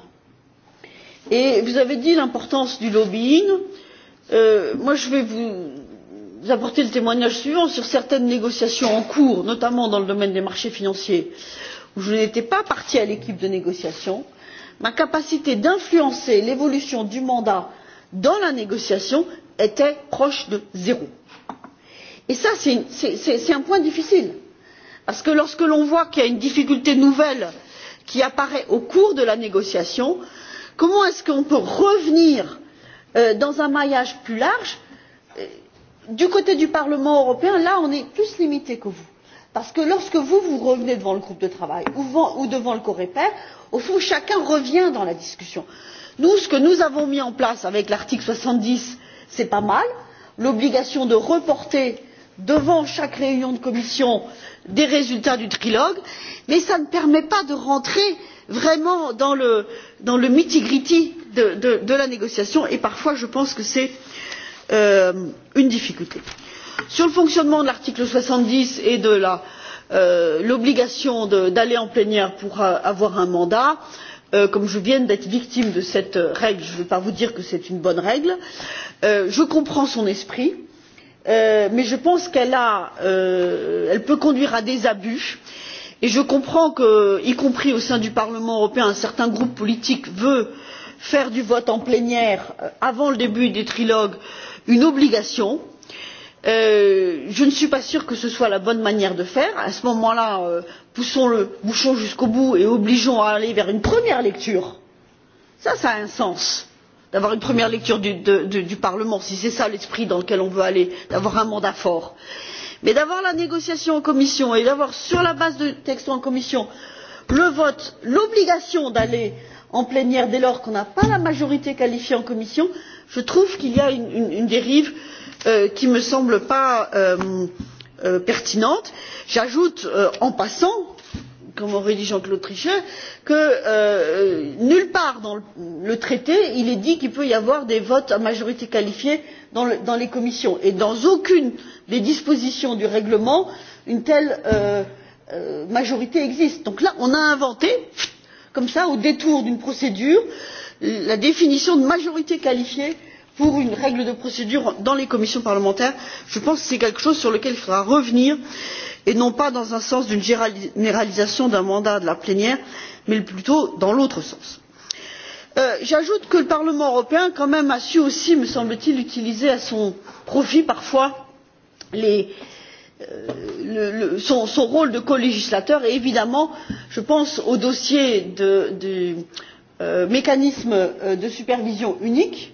Et vous avez dit l'importance du lobbying. moi, je vais vous apporter le témoignage suivant sur certaines négociations en cours, notamment dans le domaine des marchés financiers, où je n'étais pas partie à l'équipe de négociation ma capacité d'influencer l'évolution du mandat dans la négociation était proche de zéro. et c'est un point difficile parce que lorsque l'on voit qu'il y a une difficulté nouvelle qui apparaît au cours de la négociation comment est ce qu'on peut revenir euh, dans un maillage plus large? Euh, du côté du parlement européen là on est plus limité que vous parce que lorsque vous vous revenez devant le groupe de travail ou devant le coreper au fond chacun revient dans la discussion. nous ce que nous avons mis en place avec l'article soixante dix c'est pas mal l'obligation de reporter devant chaque réunion de commission des résultats du trilogue mais cela ne permet pas de rentrer vraiment dans le, dans nitty gritty de, la négociation et parfois je pense que c'est euh, une difficulté sur le fonctionnement de l'article soixante dix et de euh, l'obligation d'aller en plénière pour euh, avoir un mandat euh, comme je viens d'être victime de cette règle je ne veux pas vous dire que c'est une bonne règle je comprends son esprit mais je pense qu'elle peut conduire à des abus et je comprends y compris au sein du parlement européen un certain groupe politique veuille faire du vote en plénière avant le début des trilogues une obligation. Euh, je ne suis pas sûre que ce soit la bonne manière de faire. à ce moment là euh, poussons le bouchon jusqu'au bout et obligeons à aller vers une première lecture. cela a un sens d'avoir une première lecture du, parlement si c'est cela l'esprit dans lequel on veut aller d'avoir un mandat fort. mais d'avoir la négociation en commission et d'avoir sur la base du texte en commission le vote l'obligation d'aller en plénière dès lors qu'on n'a pas la majorité qualifiée en commission je trouve qu'il y a une, une dérive Euh, qui ne me semble pas euh, euh, pertinente. j'ajoute en passant comme aurait dit jean claude trichet que nulle part dans le, traité il est dit qu'il peut y avoir des votes à majorité qualifiée dans, les commissions et dans aucune des dispositions du règlement une telle majorité existe. donc là on a inventé comme cela au détour d'une procédure la définition de majorité qualifiée pour une règle de procédure dans les commissions parlementaires je pense que c'est quelque chose sur lequel il faudra revenir et non pas dans un sens d'une généralisation d'un mandat de la plénière mais plutôt dans l'autre sens. Euh, j'ajoute que le parlement européen quand même a su aussi me semble t il utiliser à son profit parfois euh, son, rôle de colégislateur et évidemment je pense au dossier du euh, mécanisme de supervision unique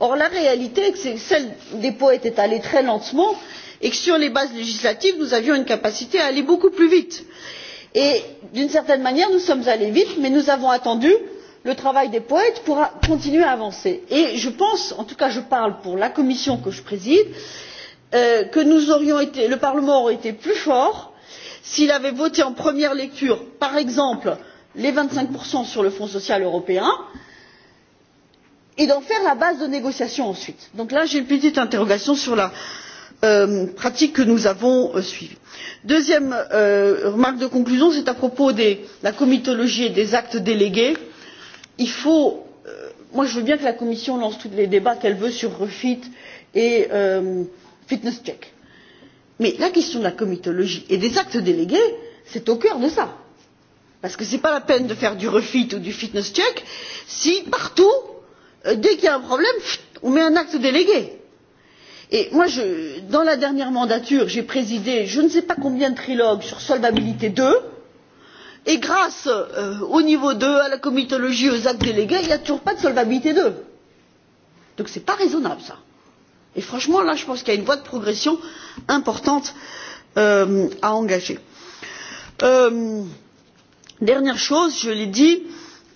or la réalité est que celle des poètes est allée très lentement et que sur les bases législatives nous avions une capacité à aller beaucoup plus vite. d'une certaine manière nous sommes allés vite mais nous avons attendu le travail des poètes pour continuer à avancer et je pense en tout cas je parle pour la commission que je préside euh, que le parlement aurait été plus fort s'il avait voté en première lecture par exemple les vingt cinq sur le fonds social européen et d'en faire la base de négociation ensuite. donc là j'ai une petite interrogation sur la euh, pratique que nous avons euh, suivie. deuxième euh, remarque de conclusion c'est à propos de la comitologie et des actes délégués. il faut moi je veux bien que la commission lance tous les débats qu'elle veut sur refit et fitness check mais la question de la comitologie et des actes délégués c'est au cœur de cela parce que ce n'est pas la peine de faire du refit ou du fitness check si partout Euh, dès qu'il y a un problème on met un acte délégué. Et moi, je, dans la dernière mandature j'ai présidé je ne sais pas combien de trilogues sur solvabilité ii et grâce euh, au niveau deux à la comitologie aux actes délégués il n'y a toujours pas de solvabilité 2. donc ce n'est pas raisonnable ça. et franchement là je pense qu'il y a une voie de progression importante euh, à engager. Euh, dernière chose je l'ai dit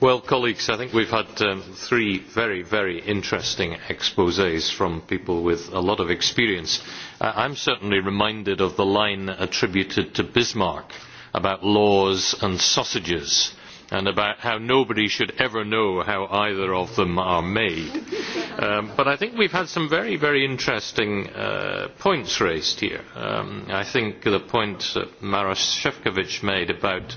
Well, colleagues, I think we've had um, three very, very interesting exposés from people with a lot of experience. I am certainly reminded of the line attributed to Bismarck about laws and sausages and about how nobody should ever know how either of them are made. Um, but I think we've had some very, very interesting uh, points raised here. Um, I think the point that Maros Shevkovich made about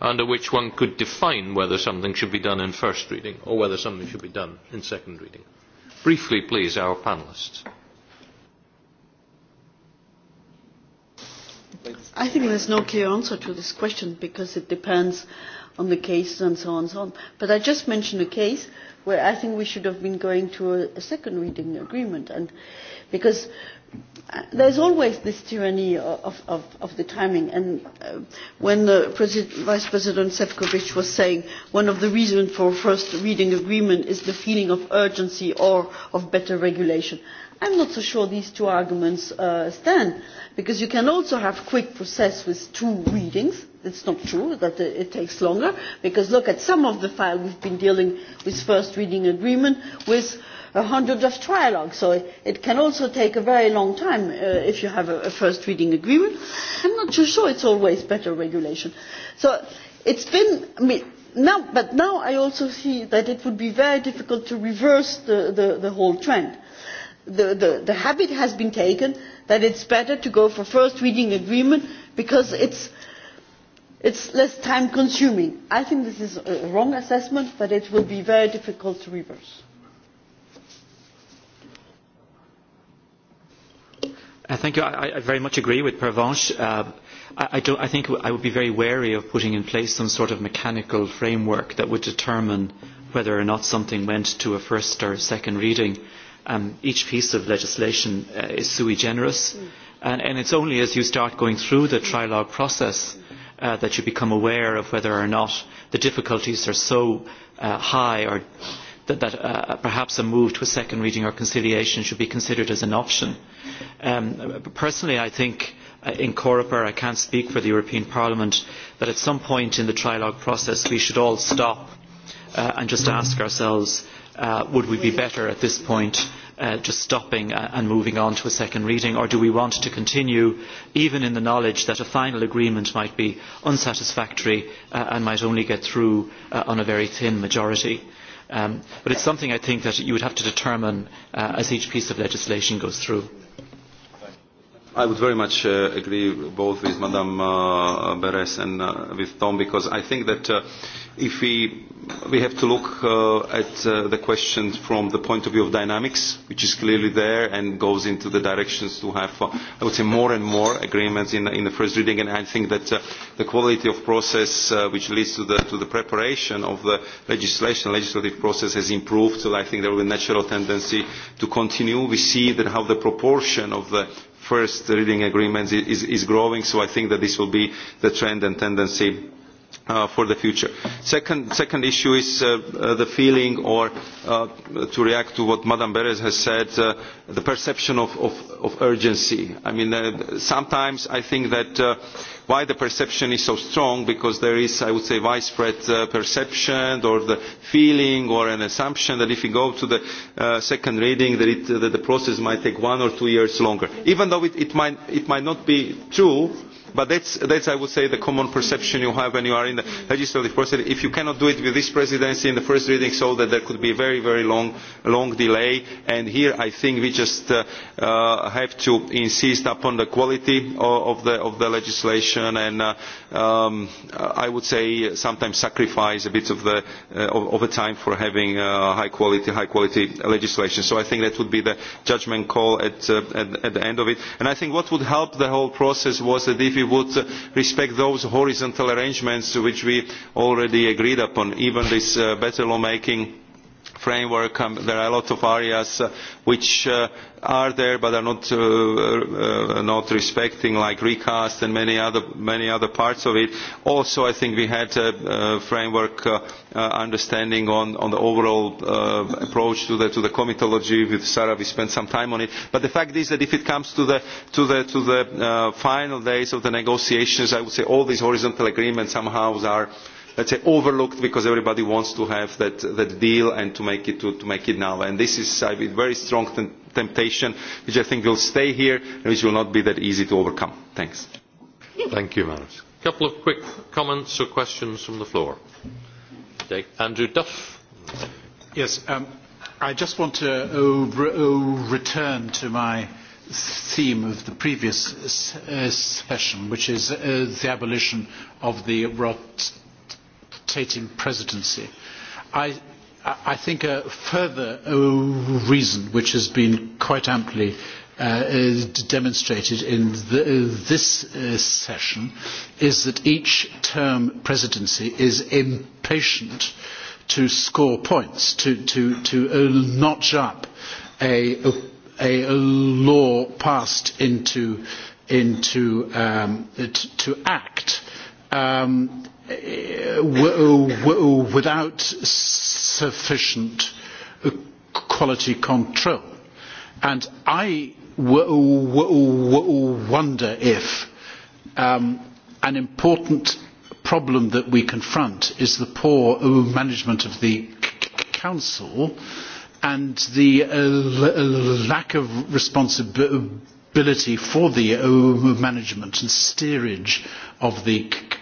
under which one could define whether something should be done in first reading or whether something should be done in second reading. Briefly, please, our panellists. I think there's no clear answer to this question because it depends on the case and so on and so on. But I just mentioned a case where I think we should have been going to a, second reading agreement and because is uh, always this tyranny of, of, the timing and uh, when the President, Vice President Sefcovic was saying one of the reasons for first reading agreement is the feeling of urgency or of better regulation. I'm not so sure these two arguments uh, stand because you can also have quick process with two readings it's not true that it takes longer because look at some of the files we've been dealing with first reading agreement with a hundred of trialogues so it can also take a very long time uh, if you have a, first reading agreement. I'm not too sure it's always better regulation. So it's been now, but now I also see that it would be very difficult to reverse the, the, whole trend. The, the, the habit has been taken that it's better to go for first reading agreement because it's it is less time consuming. i think this is a wrong assessment but it will be very difficult to reverse. Uh, thank you. I, I very much agree with Pervenche. Uh, I, I, don't, I think I would be very wary of putting in place some sort of mechanical framework that would determine whether or not something went to a first or second reading. Um, each piece of legislation uh, is sui generis, mm. and, and it's only as you start going through the trilogue process Uh, that you become aware of whether or not the difficulties are so uh, high or that, uh, perhaps a move to a second reading or conciliation should be considered as an option. Um, personally, I think in Coreper, I can't speak for the European Parliament, that at some point in the trilogue process we should all stop and just ask ourselves, would we be better at this point Uh, just stopping uh, and moving on to a second reading or do we want to continue even in the knowledge that a final agreement might be unsatisfactory uh, and might only get through on a very thin majority? Um, but it is something i think that you would have to determine as each piece of legislation goes through. I would very much uh, agree both with Madame uh, Beres and uh, with Tom because I think that uh, if we, we have to look at the question from the point of view of dynamics, which is clearly there and goes into the directions to have, uh, I would say, more and more agreements in, in the first reading. And I think that the quality of process uh, which leads to the, to the preparation of the legislation, legislative process has improved. So I think there will be a natural tendency to continue. We see that how the proportion of the first reading agreements is, is growing so i think that this will be the trend and tendency uh, for the future. Second, second issue is uh, uh, the feeling or to react to what Madame Beres has said, the perception of, of, of urgency. I mean sometimes I think that why the perception is so strong because there is i would say widespread uh, perception or the feeling or an assumption that if you go to the uh, second reading that, it, that the process might take one or two years longer even though it, it, might, it might not be true but that's, is i would say the common perception you have when you are in the legislative process if you cannot do it with this presidency in the first reading so that there could be a very very long delay and here i think we just uh, uh, have to insist upon the quality of, the legislation and uh, um, i would say sometimes sacrifice a bit of the time for having high quality high quality legislation so i think that would be the judgment call at, the end of it and i think what would help the whole process was that we would respect those horizontal arrangements which we already agreed upon even this uh, better law making framework. Um, there are a lot of areas uh, which uh, are there but are not, uh, not respecting, like recast and many other, many other parts of it. Also, I think we had a framework understanding on, on the overall approach to the, to the comitology. With Sarah, we spent some time on it. But the fact is that if it comes to the, to the, to the final days of the negotiations, I would say all these horizontal agreements somehow are us say overlooked because everybody wants to have that, that deal and to make it to, make it now. And this is a very strong temptation which I think will stay here and which will not be that easy to overcome. Thanks. Thank you, Manus. A couple of quick comments or questions from the floor. Andrew Duff. Yes, um, I just want to uh, uh, return to my theme of the previous uh, session, which is the abolition of the rot rotating presidency. I, I think a further reason, which has been quite amply uh, demonstrated in uh, this uh, session, is that each term presidency is impatient to score points, to, to, to notch up a, a, law passed into, into um, to act. Um, without sufficient quality control. And I wonder if um, an important problem that we confront is the poor management of the Council and the uh, uh, lack of responsibility for the uh, management and steerage of the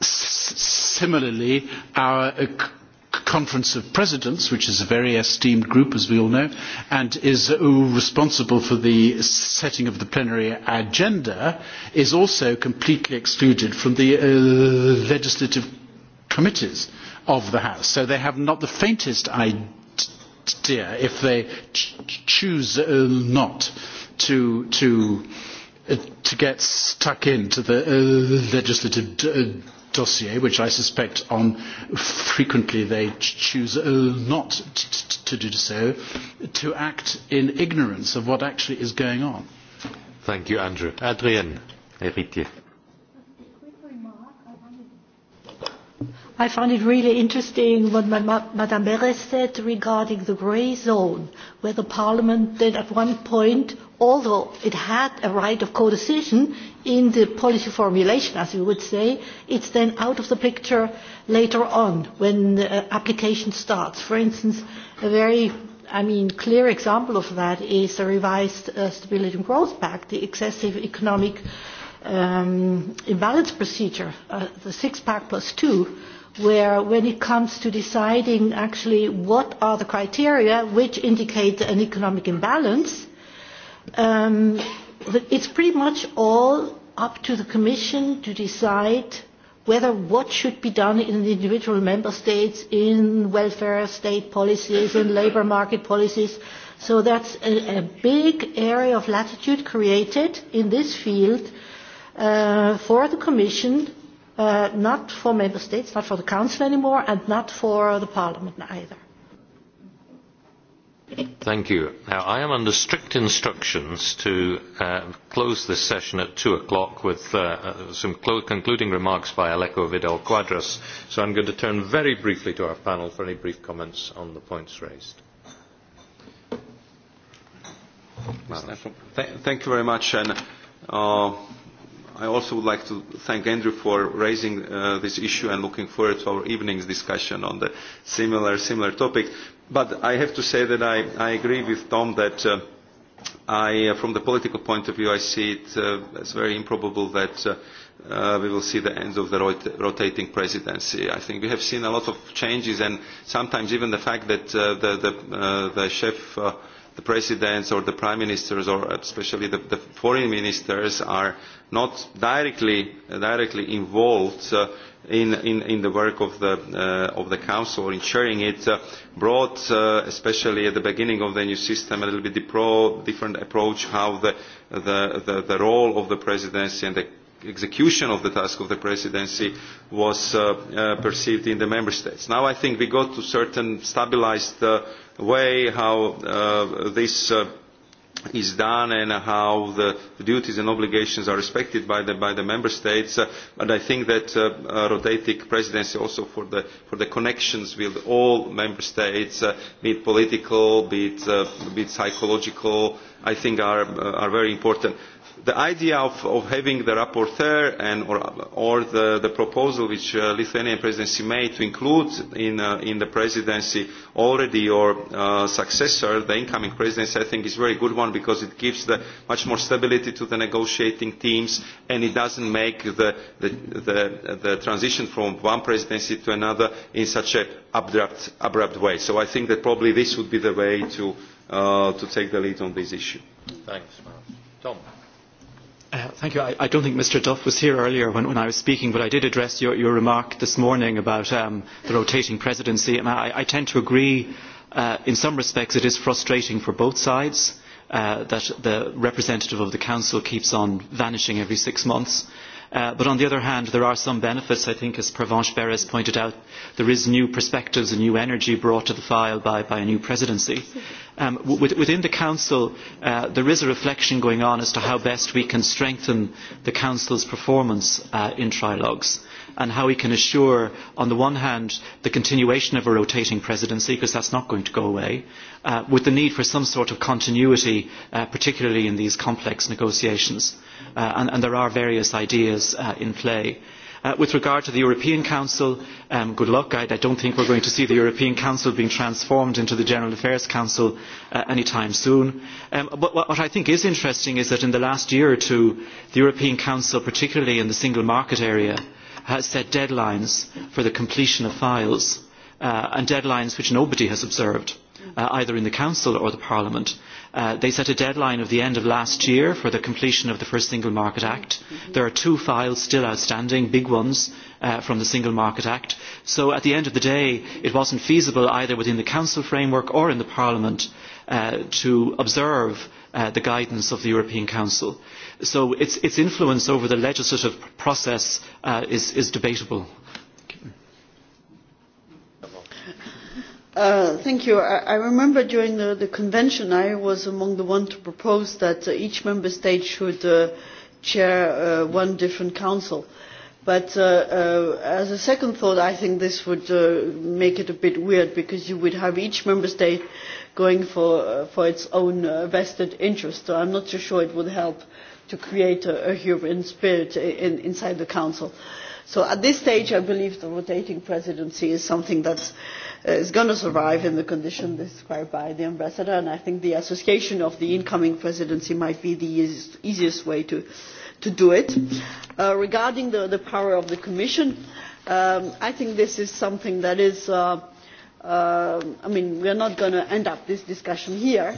similarly our uh, conference of presidents which is a very esteemed group as we all know and is uh, responsible for the setting of the plenary agenda is also completely excluded from the uh, legislative committees of the house so they have not the faintest idea if they choose not to to to get stuck into the legislative dossier, which I suspect on frequently they choose uh, not to do so, to act in ignorance of what actually is going on. Thank you, Andrew. Adrienne Héritier. I found it really interesting what Madame Beres said regarding the grey zone, where the Parliament did at one point, although it had a right of co-decision in the policy formulation, as you would say, it's then out of the picture later on when the uh, application starts. For instance, a very I mean, clear example of that is the revised uh, Stability and Growth Pact, the excessive economic um, imbalance procedure, uh, the six pack plus two, where when it comes to deciding actually what are the criteria which indicate an economic imbalance, um, it's pretty much all up to the Commission to decide whether what should be done in the individual member states in welfare state policies, and labour market policies. So that's a, a big area of latitude created in this field uh, for the Commission uh, not for member states, not for the council anymore, and not for the parliament either. Thank you. Now, I am under strict instructions to uh, close this session at 2 o'clock with uh, uh some concluding remarks by Aleko Vidal Quadras, so I'm going to turn very briefly to our panel for any brief comments on the points raised. Thank you very much. And, uh, i also would like to thank Andrew for raising uh, this issue and looking forward to our evening's discussion on the similar, similar topic. But I have to say that I, I agree with Tom that uh, I, uh, from the political point of view, I see it uh, as very improbable that uh, uh, we will see the end of the rot rotating presidency. I think we have seen a lot of changes and sometimes even the fact that uh, the, the, uh, the chef, the presidents or the prime ministers or especially the, the foreign ministers are not directly, involved uh, in, in, the work uh, of the, Council or in sharing it uh, brought, especially at the beginning of the new system, a little bit different approach how the, role of the Presidency and the execution of the task of the Presidency was perceived in the Member States. Now I think we got to certain stabilised way how this is done and how the duties and obligations are respected by the, by the member states. But uh, I think that uh, uh, rotating presidency also for the, for the connections with all member states, uh, be it political, be it, uh, be it psychological, I think are, uh, are very important the idea of, having the rapporteur and or, the, the proposal which the uh, Lithuanian presidency made to include in, uh, in the presidency already your uh, successor, the incoming presidency, I think is a very good one because it gives much more stability to the negotiating teams and it does not make the, the, the, transition from one presidency to another in such an abrupt, abrupt way. So I think that probably this would be the way to, to take the lead on this issue. Thanks, Tom. Uh, I, do not think Mr Duff was here earlier when, I was speaking, but I did address your, remark this morning about um, the rotating presidency, and I, tend to agree uh, in some respects it is frustrating for both sides uh, that the representative of the Council keeps on vanishing every six months Uh, but on the other hand, there are some benefits, I think, as Provence Beres pointed out. There is new perspectives and new energy brought to the file by, by a new presidency. Um, within the Council, uh, there is a reflection going on as to how best we can strengthen the Council's performance uh, in trilogues and how we can assure on the one hand the continuation of a rotating presidency because that is not going to go away uh, with the need for some sort of continuity uh, particularly in these complex negotiations uh, and, there are various ideas in play. with regard to the european council um, good luck i, I do not think we are going to see the european council being transformed into the general affairs council uh, any time soon um, but what, what i think is interesting is that in the last year or two the european council particularly in the single market area has set deadlines for the completion of files uh, and deadlines which nobody has observed uh, either in the council or the parliament uh, they set a deadline of the end of last year for the completion of the first single market act there are two files still outstanding big ones from the single market act so at the end of the day it wasn't feasible either within the council framework or in the parliament to observe uh, the guidance of the European Council. So its, its influence over the legislative process uh, is, is debatable. Uh, thank you. I, I remember during the, the convention I was among the ones to propose that uh, each member state should uh, chair uh, one different council. But as a second thought, I think this would make it a bit weird because you would have each member state going for, uh, for its own uh, vested interest. So I'm not so sure it would help to create a, a human spirit in, inside the Council. So at this stage, I believe the rotating presidency is something that uh, is going to survive in the condition described by the ambassador, and I think the association of the incoming presidency might be the easiest, easiest way to, to do it. Uh, regarding the, the power of the Commission, um, I think this is something that is... Uh, Uh, i mean we are not going to end up this discussion here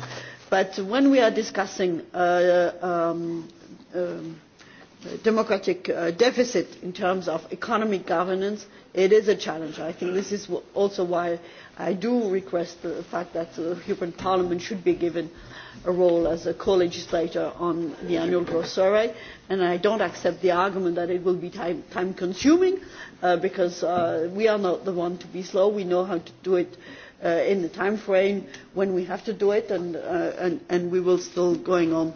but when we are discussing a uh, um, um, democratic uh, deficit in terms of economic governance it is a challenge. i think this is also why i do request the fact that the european parliament should be given a role as a co-legislator on the annual growth survey and I don't accept the argument that it will be time, time consuming uh, because uh, we are not the one to be slow. We know how to do it uh, in the time frame when we have to do it and, and, we will still going on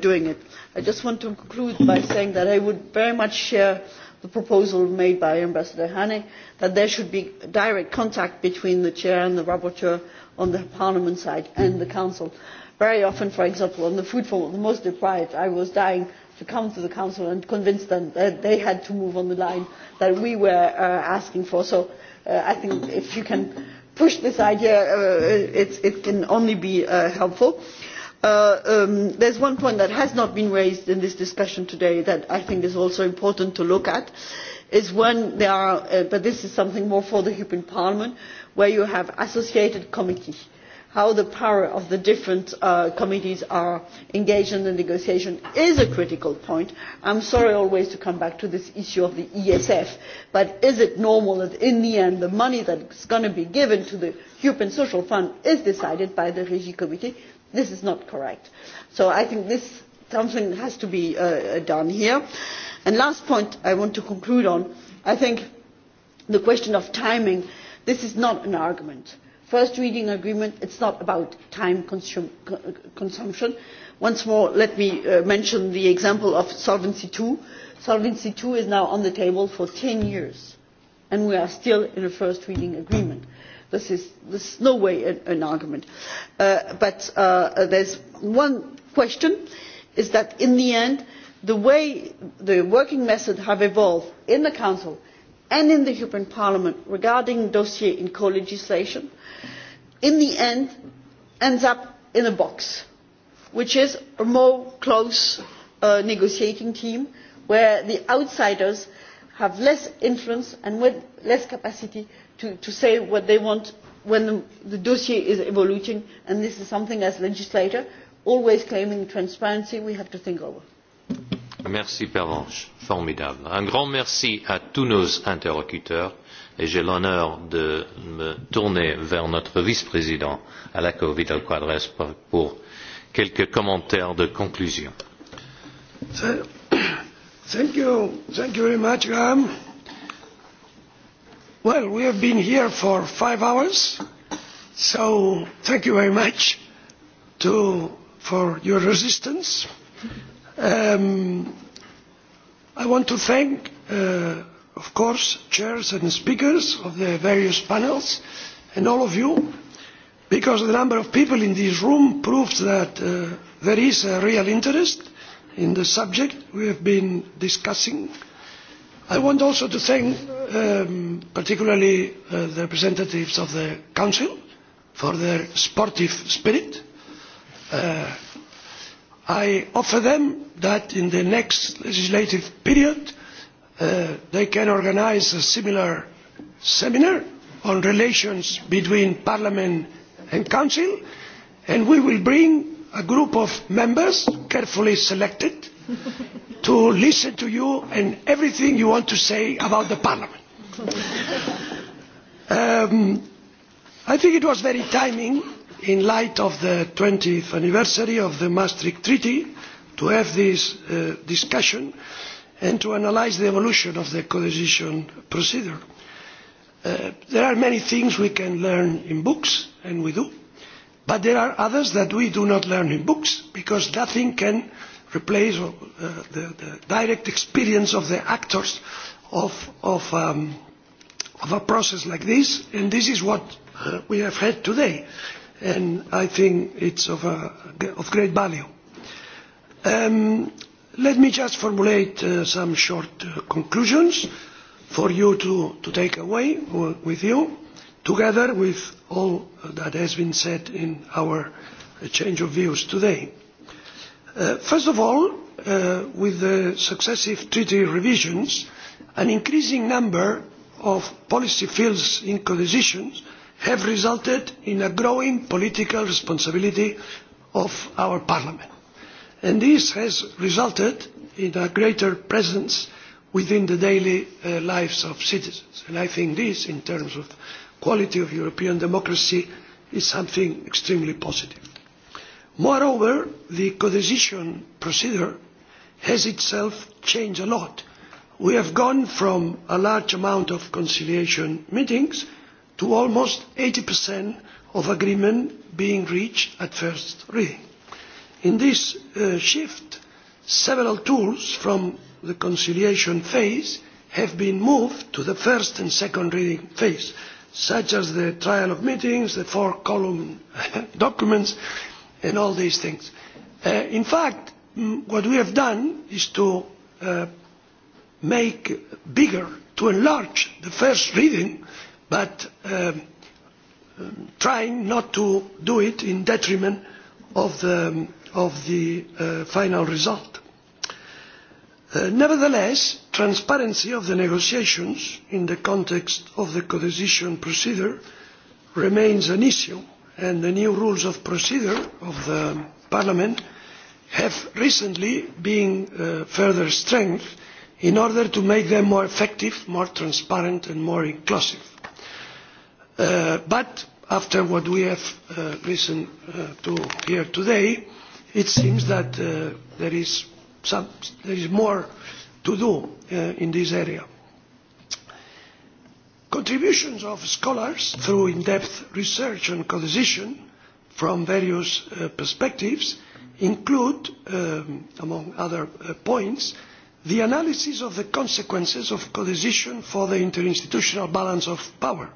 doing it. I just want to conclude by saying that I would very much share the proposal made by Ambassador Hane that there should be direct contact between the chair and the rapporteur on the parliament side and the council very often for example on the food for the most deprived i was dying to come to the council and convince them that they had to move on the line that we were uh, asking for. so uh, i think if you can push this idea uh, it, it can only be helpful. Um, there is one point that has not been raised in this discussion today that i think is also important to look at is when there are but this is something more for the european parliament where you have associated committees how the power of the different uh, committees are engaged in the negotiation is a critical point. i am sorry always to come back to this issue of the esf but is it normal that in the end the money that is going to be given to the european social fund is decided by the regi committee? this is not correct. so i think this something has to be uh, uh, done here. and last point i want to conclude on i think the question of timing this is not an argument first reading agreement it is not about time consumption. once more let me uh, mention the example of solvency ii. solvency ii is now on the table for ten years and we are still in a first reading agreement. this is, this is no way an, argument. Uh, but uh, there is one question is that in the end the way the working methods have evolved in the council and in the european parliament regarding dossier in co legislation in the end ends up in a box which is a more close uh, negotiating team where the outsiders have less influence and with less capacity to, say what they want when the, dossier is evolving and this is something as legislators always claiming transparency we have to think over. Merci Pervenche, formidable. Un grand merci à tous nos interlocuteurs et j'ai l'honneur de me tourner vers notre vice-président Alaco Vidal Quadres pour quelques commentaires de conclusion. Thank you. Thank you very much, Graham. Well, we have been here for five hours, so thank you very much to, for your resistance Um, I want to thank, uh, of course, chairs and speakers of the various panels and all of you, because the number of people in this room proves that uh, there is a real interest in the subject we have been discussing. I want also to thank um, particularly uh, the representatives of the Council for their sportive spirit i offer them that in the next legislative period uh, they can organise a similar seminar on relations between parliament and council and we will bring a group of members carefully selected to listen to you and everything you want to say about parliament. Um, i think it was very timely in light of the 20th anniversary of the maastricht treaty to have this uh, discussion and to analyse the evolution of the codecision procedure. Uh, there are many things we can learn in books and we do but there are others that we do not learn in books because nothing can replace uh, the, direct experience of the actors of, um, of a process like this and this is what we have had today and I think it of, of great value. Um, let me just formulate uh, some short uh, conclusions for you to, take away with you, together with all that has been said in our uh, change of views today. first of all, with the successive treaty revisions, an increasing number of policy fields in codecision have resulted in a growing political responsibility of our parliament and this has resulted in a greater presence within the daily uh, lives of citizens and i think this in terms of quality of european democracy is something extremely positive. moreover the codecision procedure has itself changed a lot. we have gone from a large amount of conciliation meetings to almost 80% of agreement being reached at first reading. In this uh, shift, several tools from the conciliation phase have been moved to the first and second reading phase, such as the trial of meetings, the four column *laughs* documents and all these things. Uh, in fact, mm, what we have done is to uh, make bigger, to enlarge the first reading but um, trying not to do it in detriment of the, um, uh, final result. Uh, nevertheless transparency of the negotiations in the context of the codecision procedure remains an issue and the new rules of procedure of the parliament have recently been uh, further strengthened in order to make them more effective more transparent and more inclusive. Uh, but after what we have uh, listened uh, to here today it seems that there is, some, there is more to do in this area. contributions of scholars through in depth research and codecision from various perspectives include um, among other points the analysis of the consequences of codecision for the interinstitutional balance of power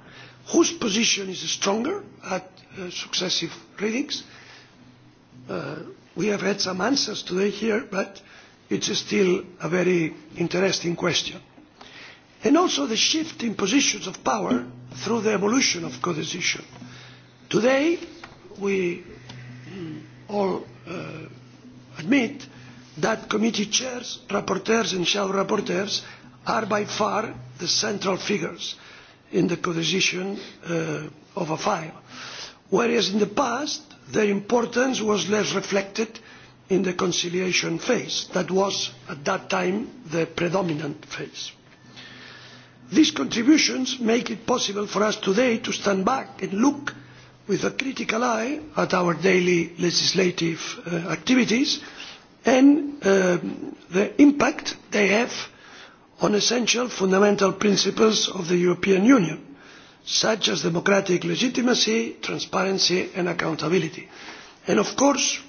whose position is stronger at uh, successive readings. Uh, we have had some answers today here, but it's still a very interesting question. And also the shift in positions of power through the evolution of codecision. Today, we mm, all uh, admit that committee chairs, rapporteurs and shadow rapporteurs are by far the central figures in the codecision uh, of a file whereas in the past their importance was less reflected in the conciliation phase that was at that time the predominant phase. these contributions make it possible for us today to stand back and look with a critical eye at our daily legislative uh, activities and um, the impact they have on essential fundamental principles of the european union such as democratic legitimacy transparency and accountability. and of course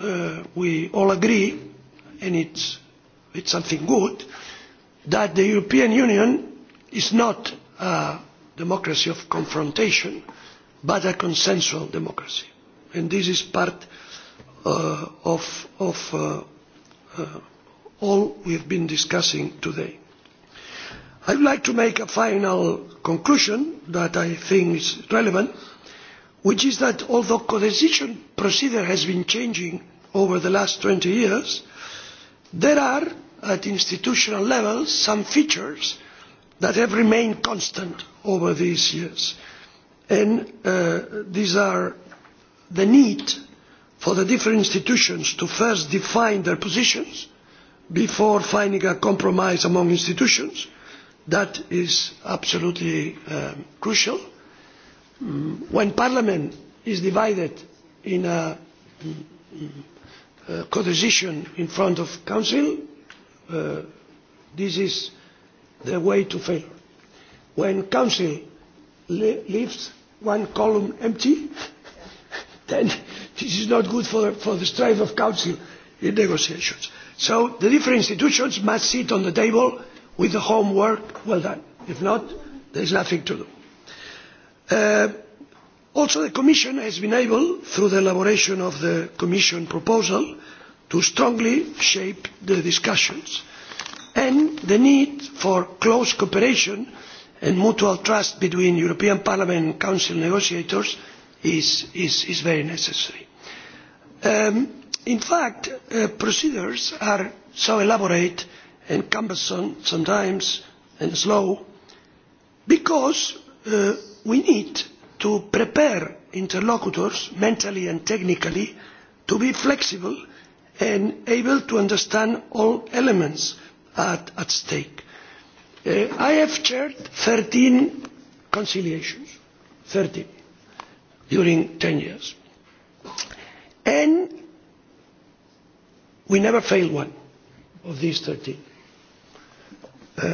uh, we all agree and it is something good that the european union is not a democracy of confrontation but a consensual democracy and this is part uh, of, uh, all we have been discussing today. i would like to make a final conclusion that i think is relevant which is that although the codecision procedure has been changing over the last twenty years there are at institutional level some features that have remained constant over these years and uh, these are the need for the different institutions to first define their positions before finding a compromise among institutions. That is absolutely um, crucial. Mm, when Parliament is divided in a, mm, mm, codecision in front of Council, uh, this is the way to fail. When Council leaves one column empty, *laughs* then this is not good for, the strive of Council in negotiations so the different institutions must sit on the table with the homework well done. if not there is nothing to do. Uh, also the commission has been able through the elaboration of the commission proposal to strongly shape the discussions and the need for close cooperation and mutual trust between european parliament and council negotiators is very necessary Um, in fact uh, procedures are so elaborate and cumbersome sometimes and slow because uh, we need to prepare interlocutors mentally and technically to be flexible and able to understand all elements at, stake. Uh, i have chaired thirteen conciliations thirteen during ten years and we never failed one of these 13. Uh,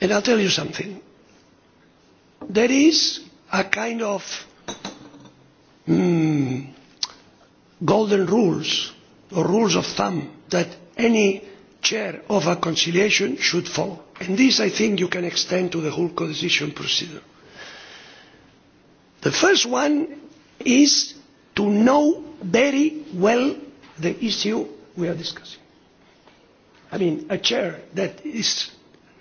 and I'll tell you something. There is a kind of mm, golden rules or rules of thumb that any chair of a conciliation should follow. And this I think you can extend to the whole co-decision procedure the first one is to know very well the issue we are discussing. i mean a chair that, is,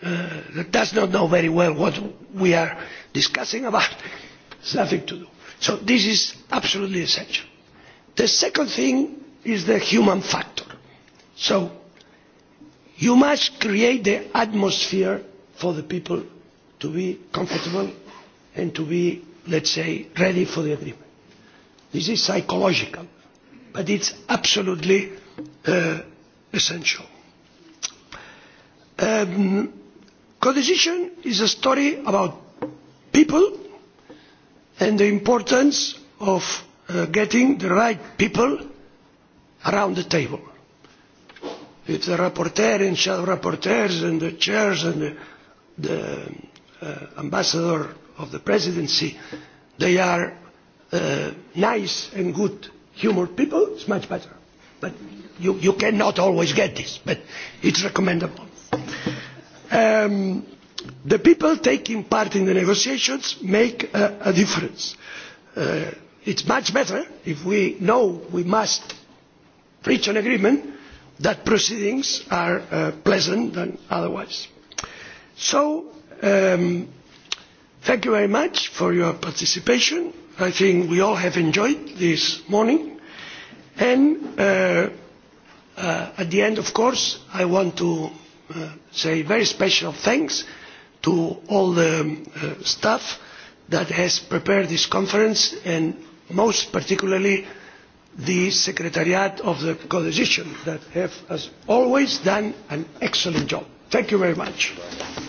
uh, that does not know very well what we are discussing about has nothing to do. so this is absolutely essential. the second thing is the human factor. so you must create the atmosphere for the people to be comfortable and to be let's say ready for the agreement. This is psychological, but it's absolutely uh, essential. Um, codecision is a story about people and the importance of uh, getting the right people around the table. with the rapporteur and shadow rapporteurs and the chairs and the, the uh, ambassador of the presidency they are uh, nice and good humoured people it's much better but you, you cannot always get this but it's recommendable um, the people taking part in the negotiations make a, difference uh, it's much better if we know we must reach an agreement that proceedings are uh, pleasant than otherwise so um, thank you very much for your participation. i think we all have enjoyed this morning and uh, uh, at the end of course i want to uh, say very special thanks to all the um, staff that has prepared this conference and most particularly the secretariat of the coalition that have as always done an excellent job. thank you very much.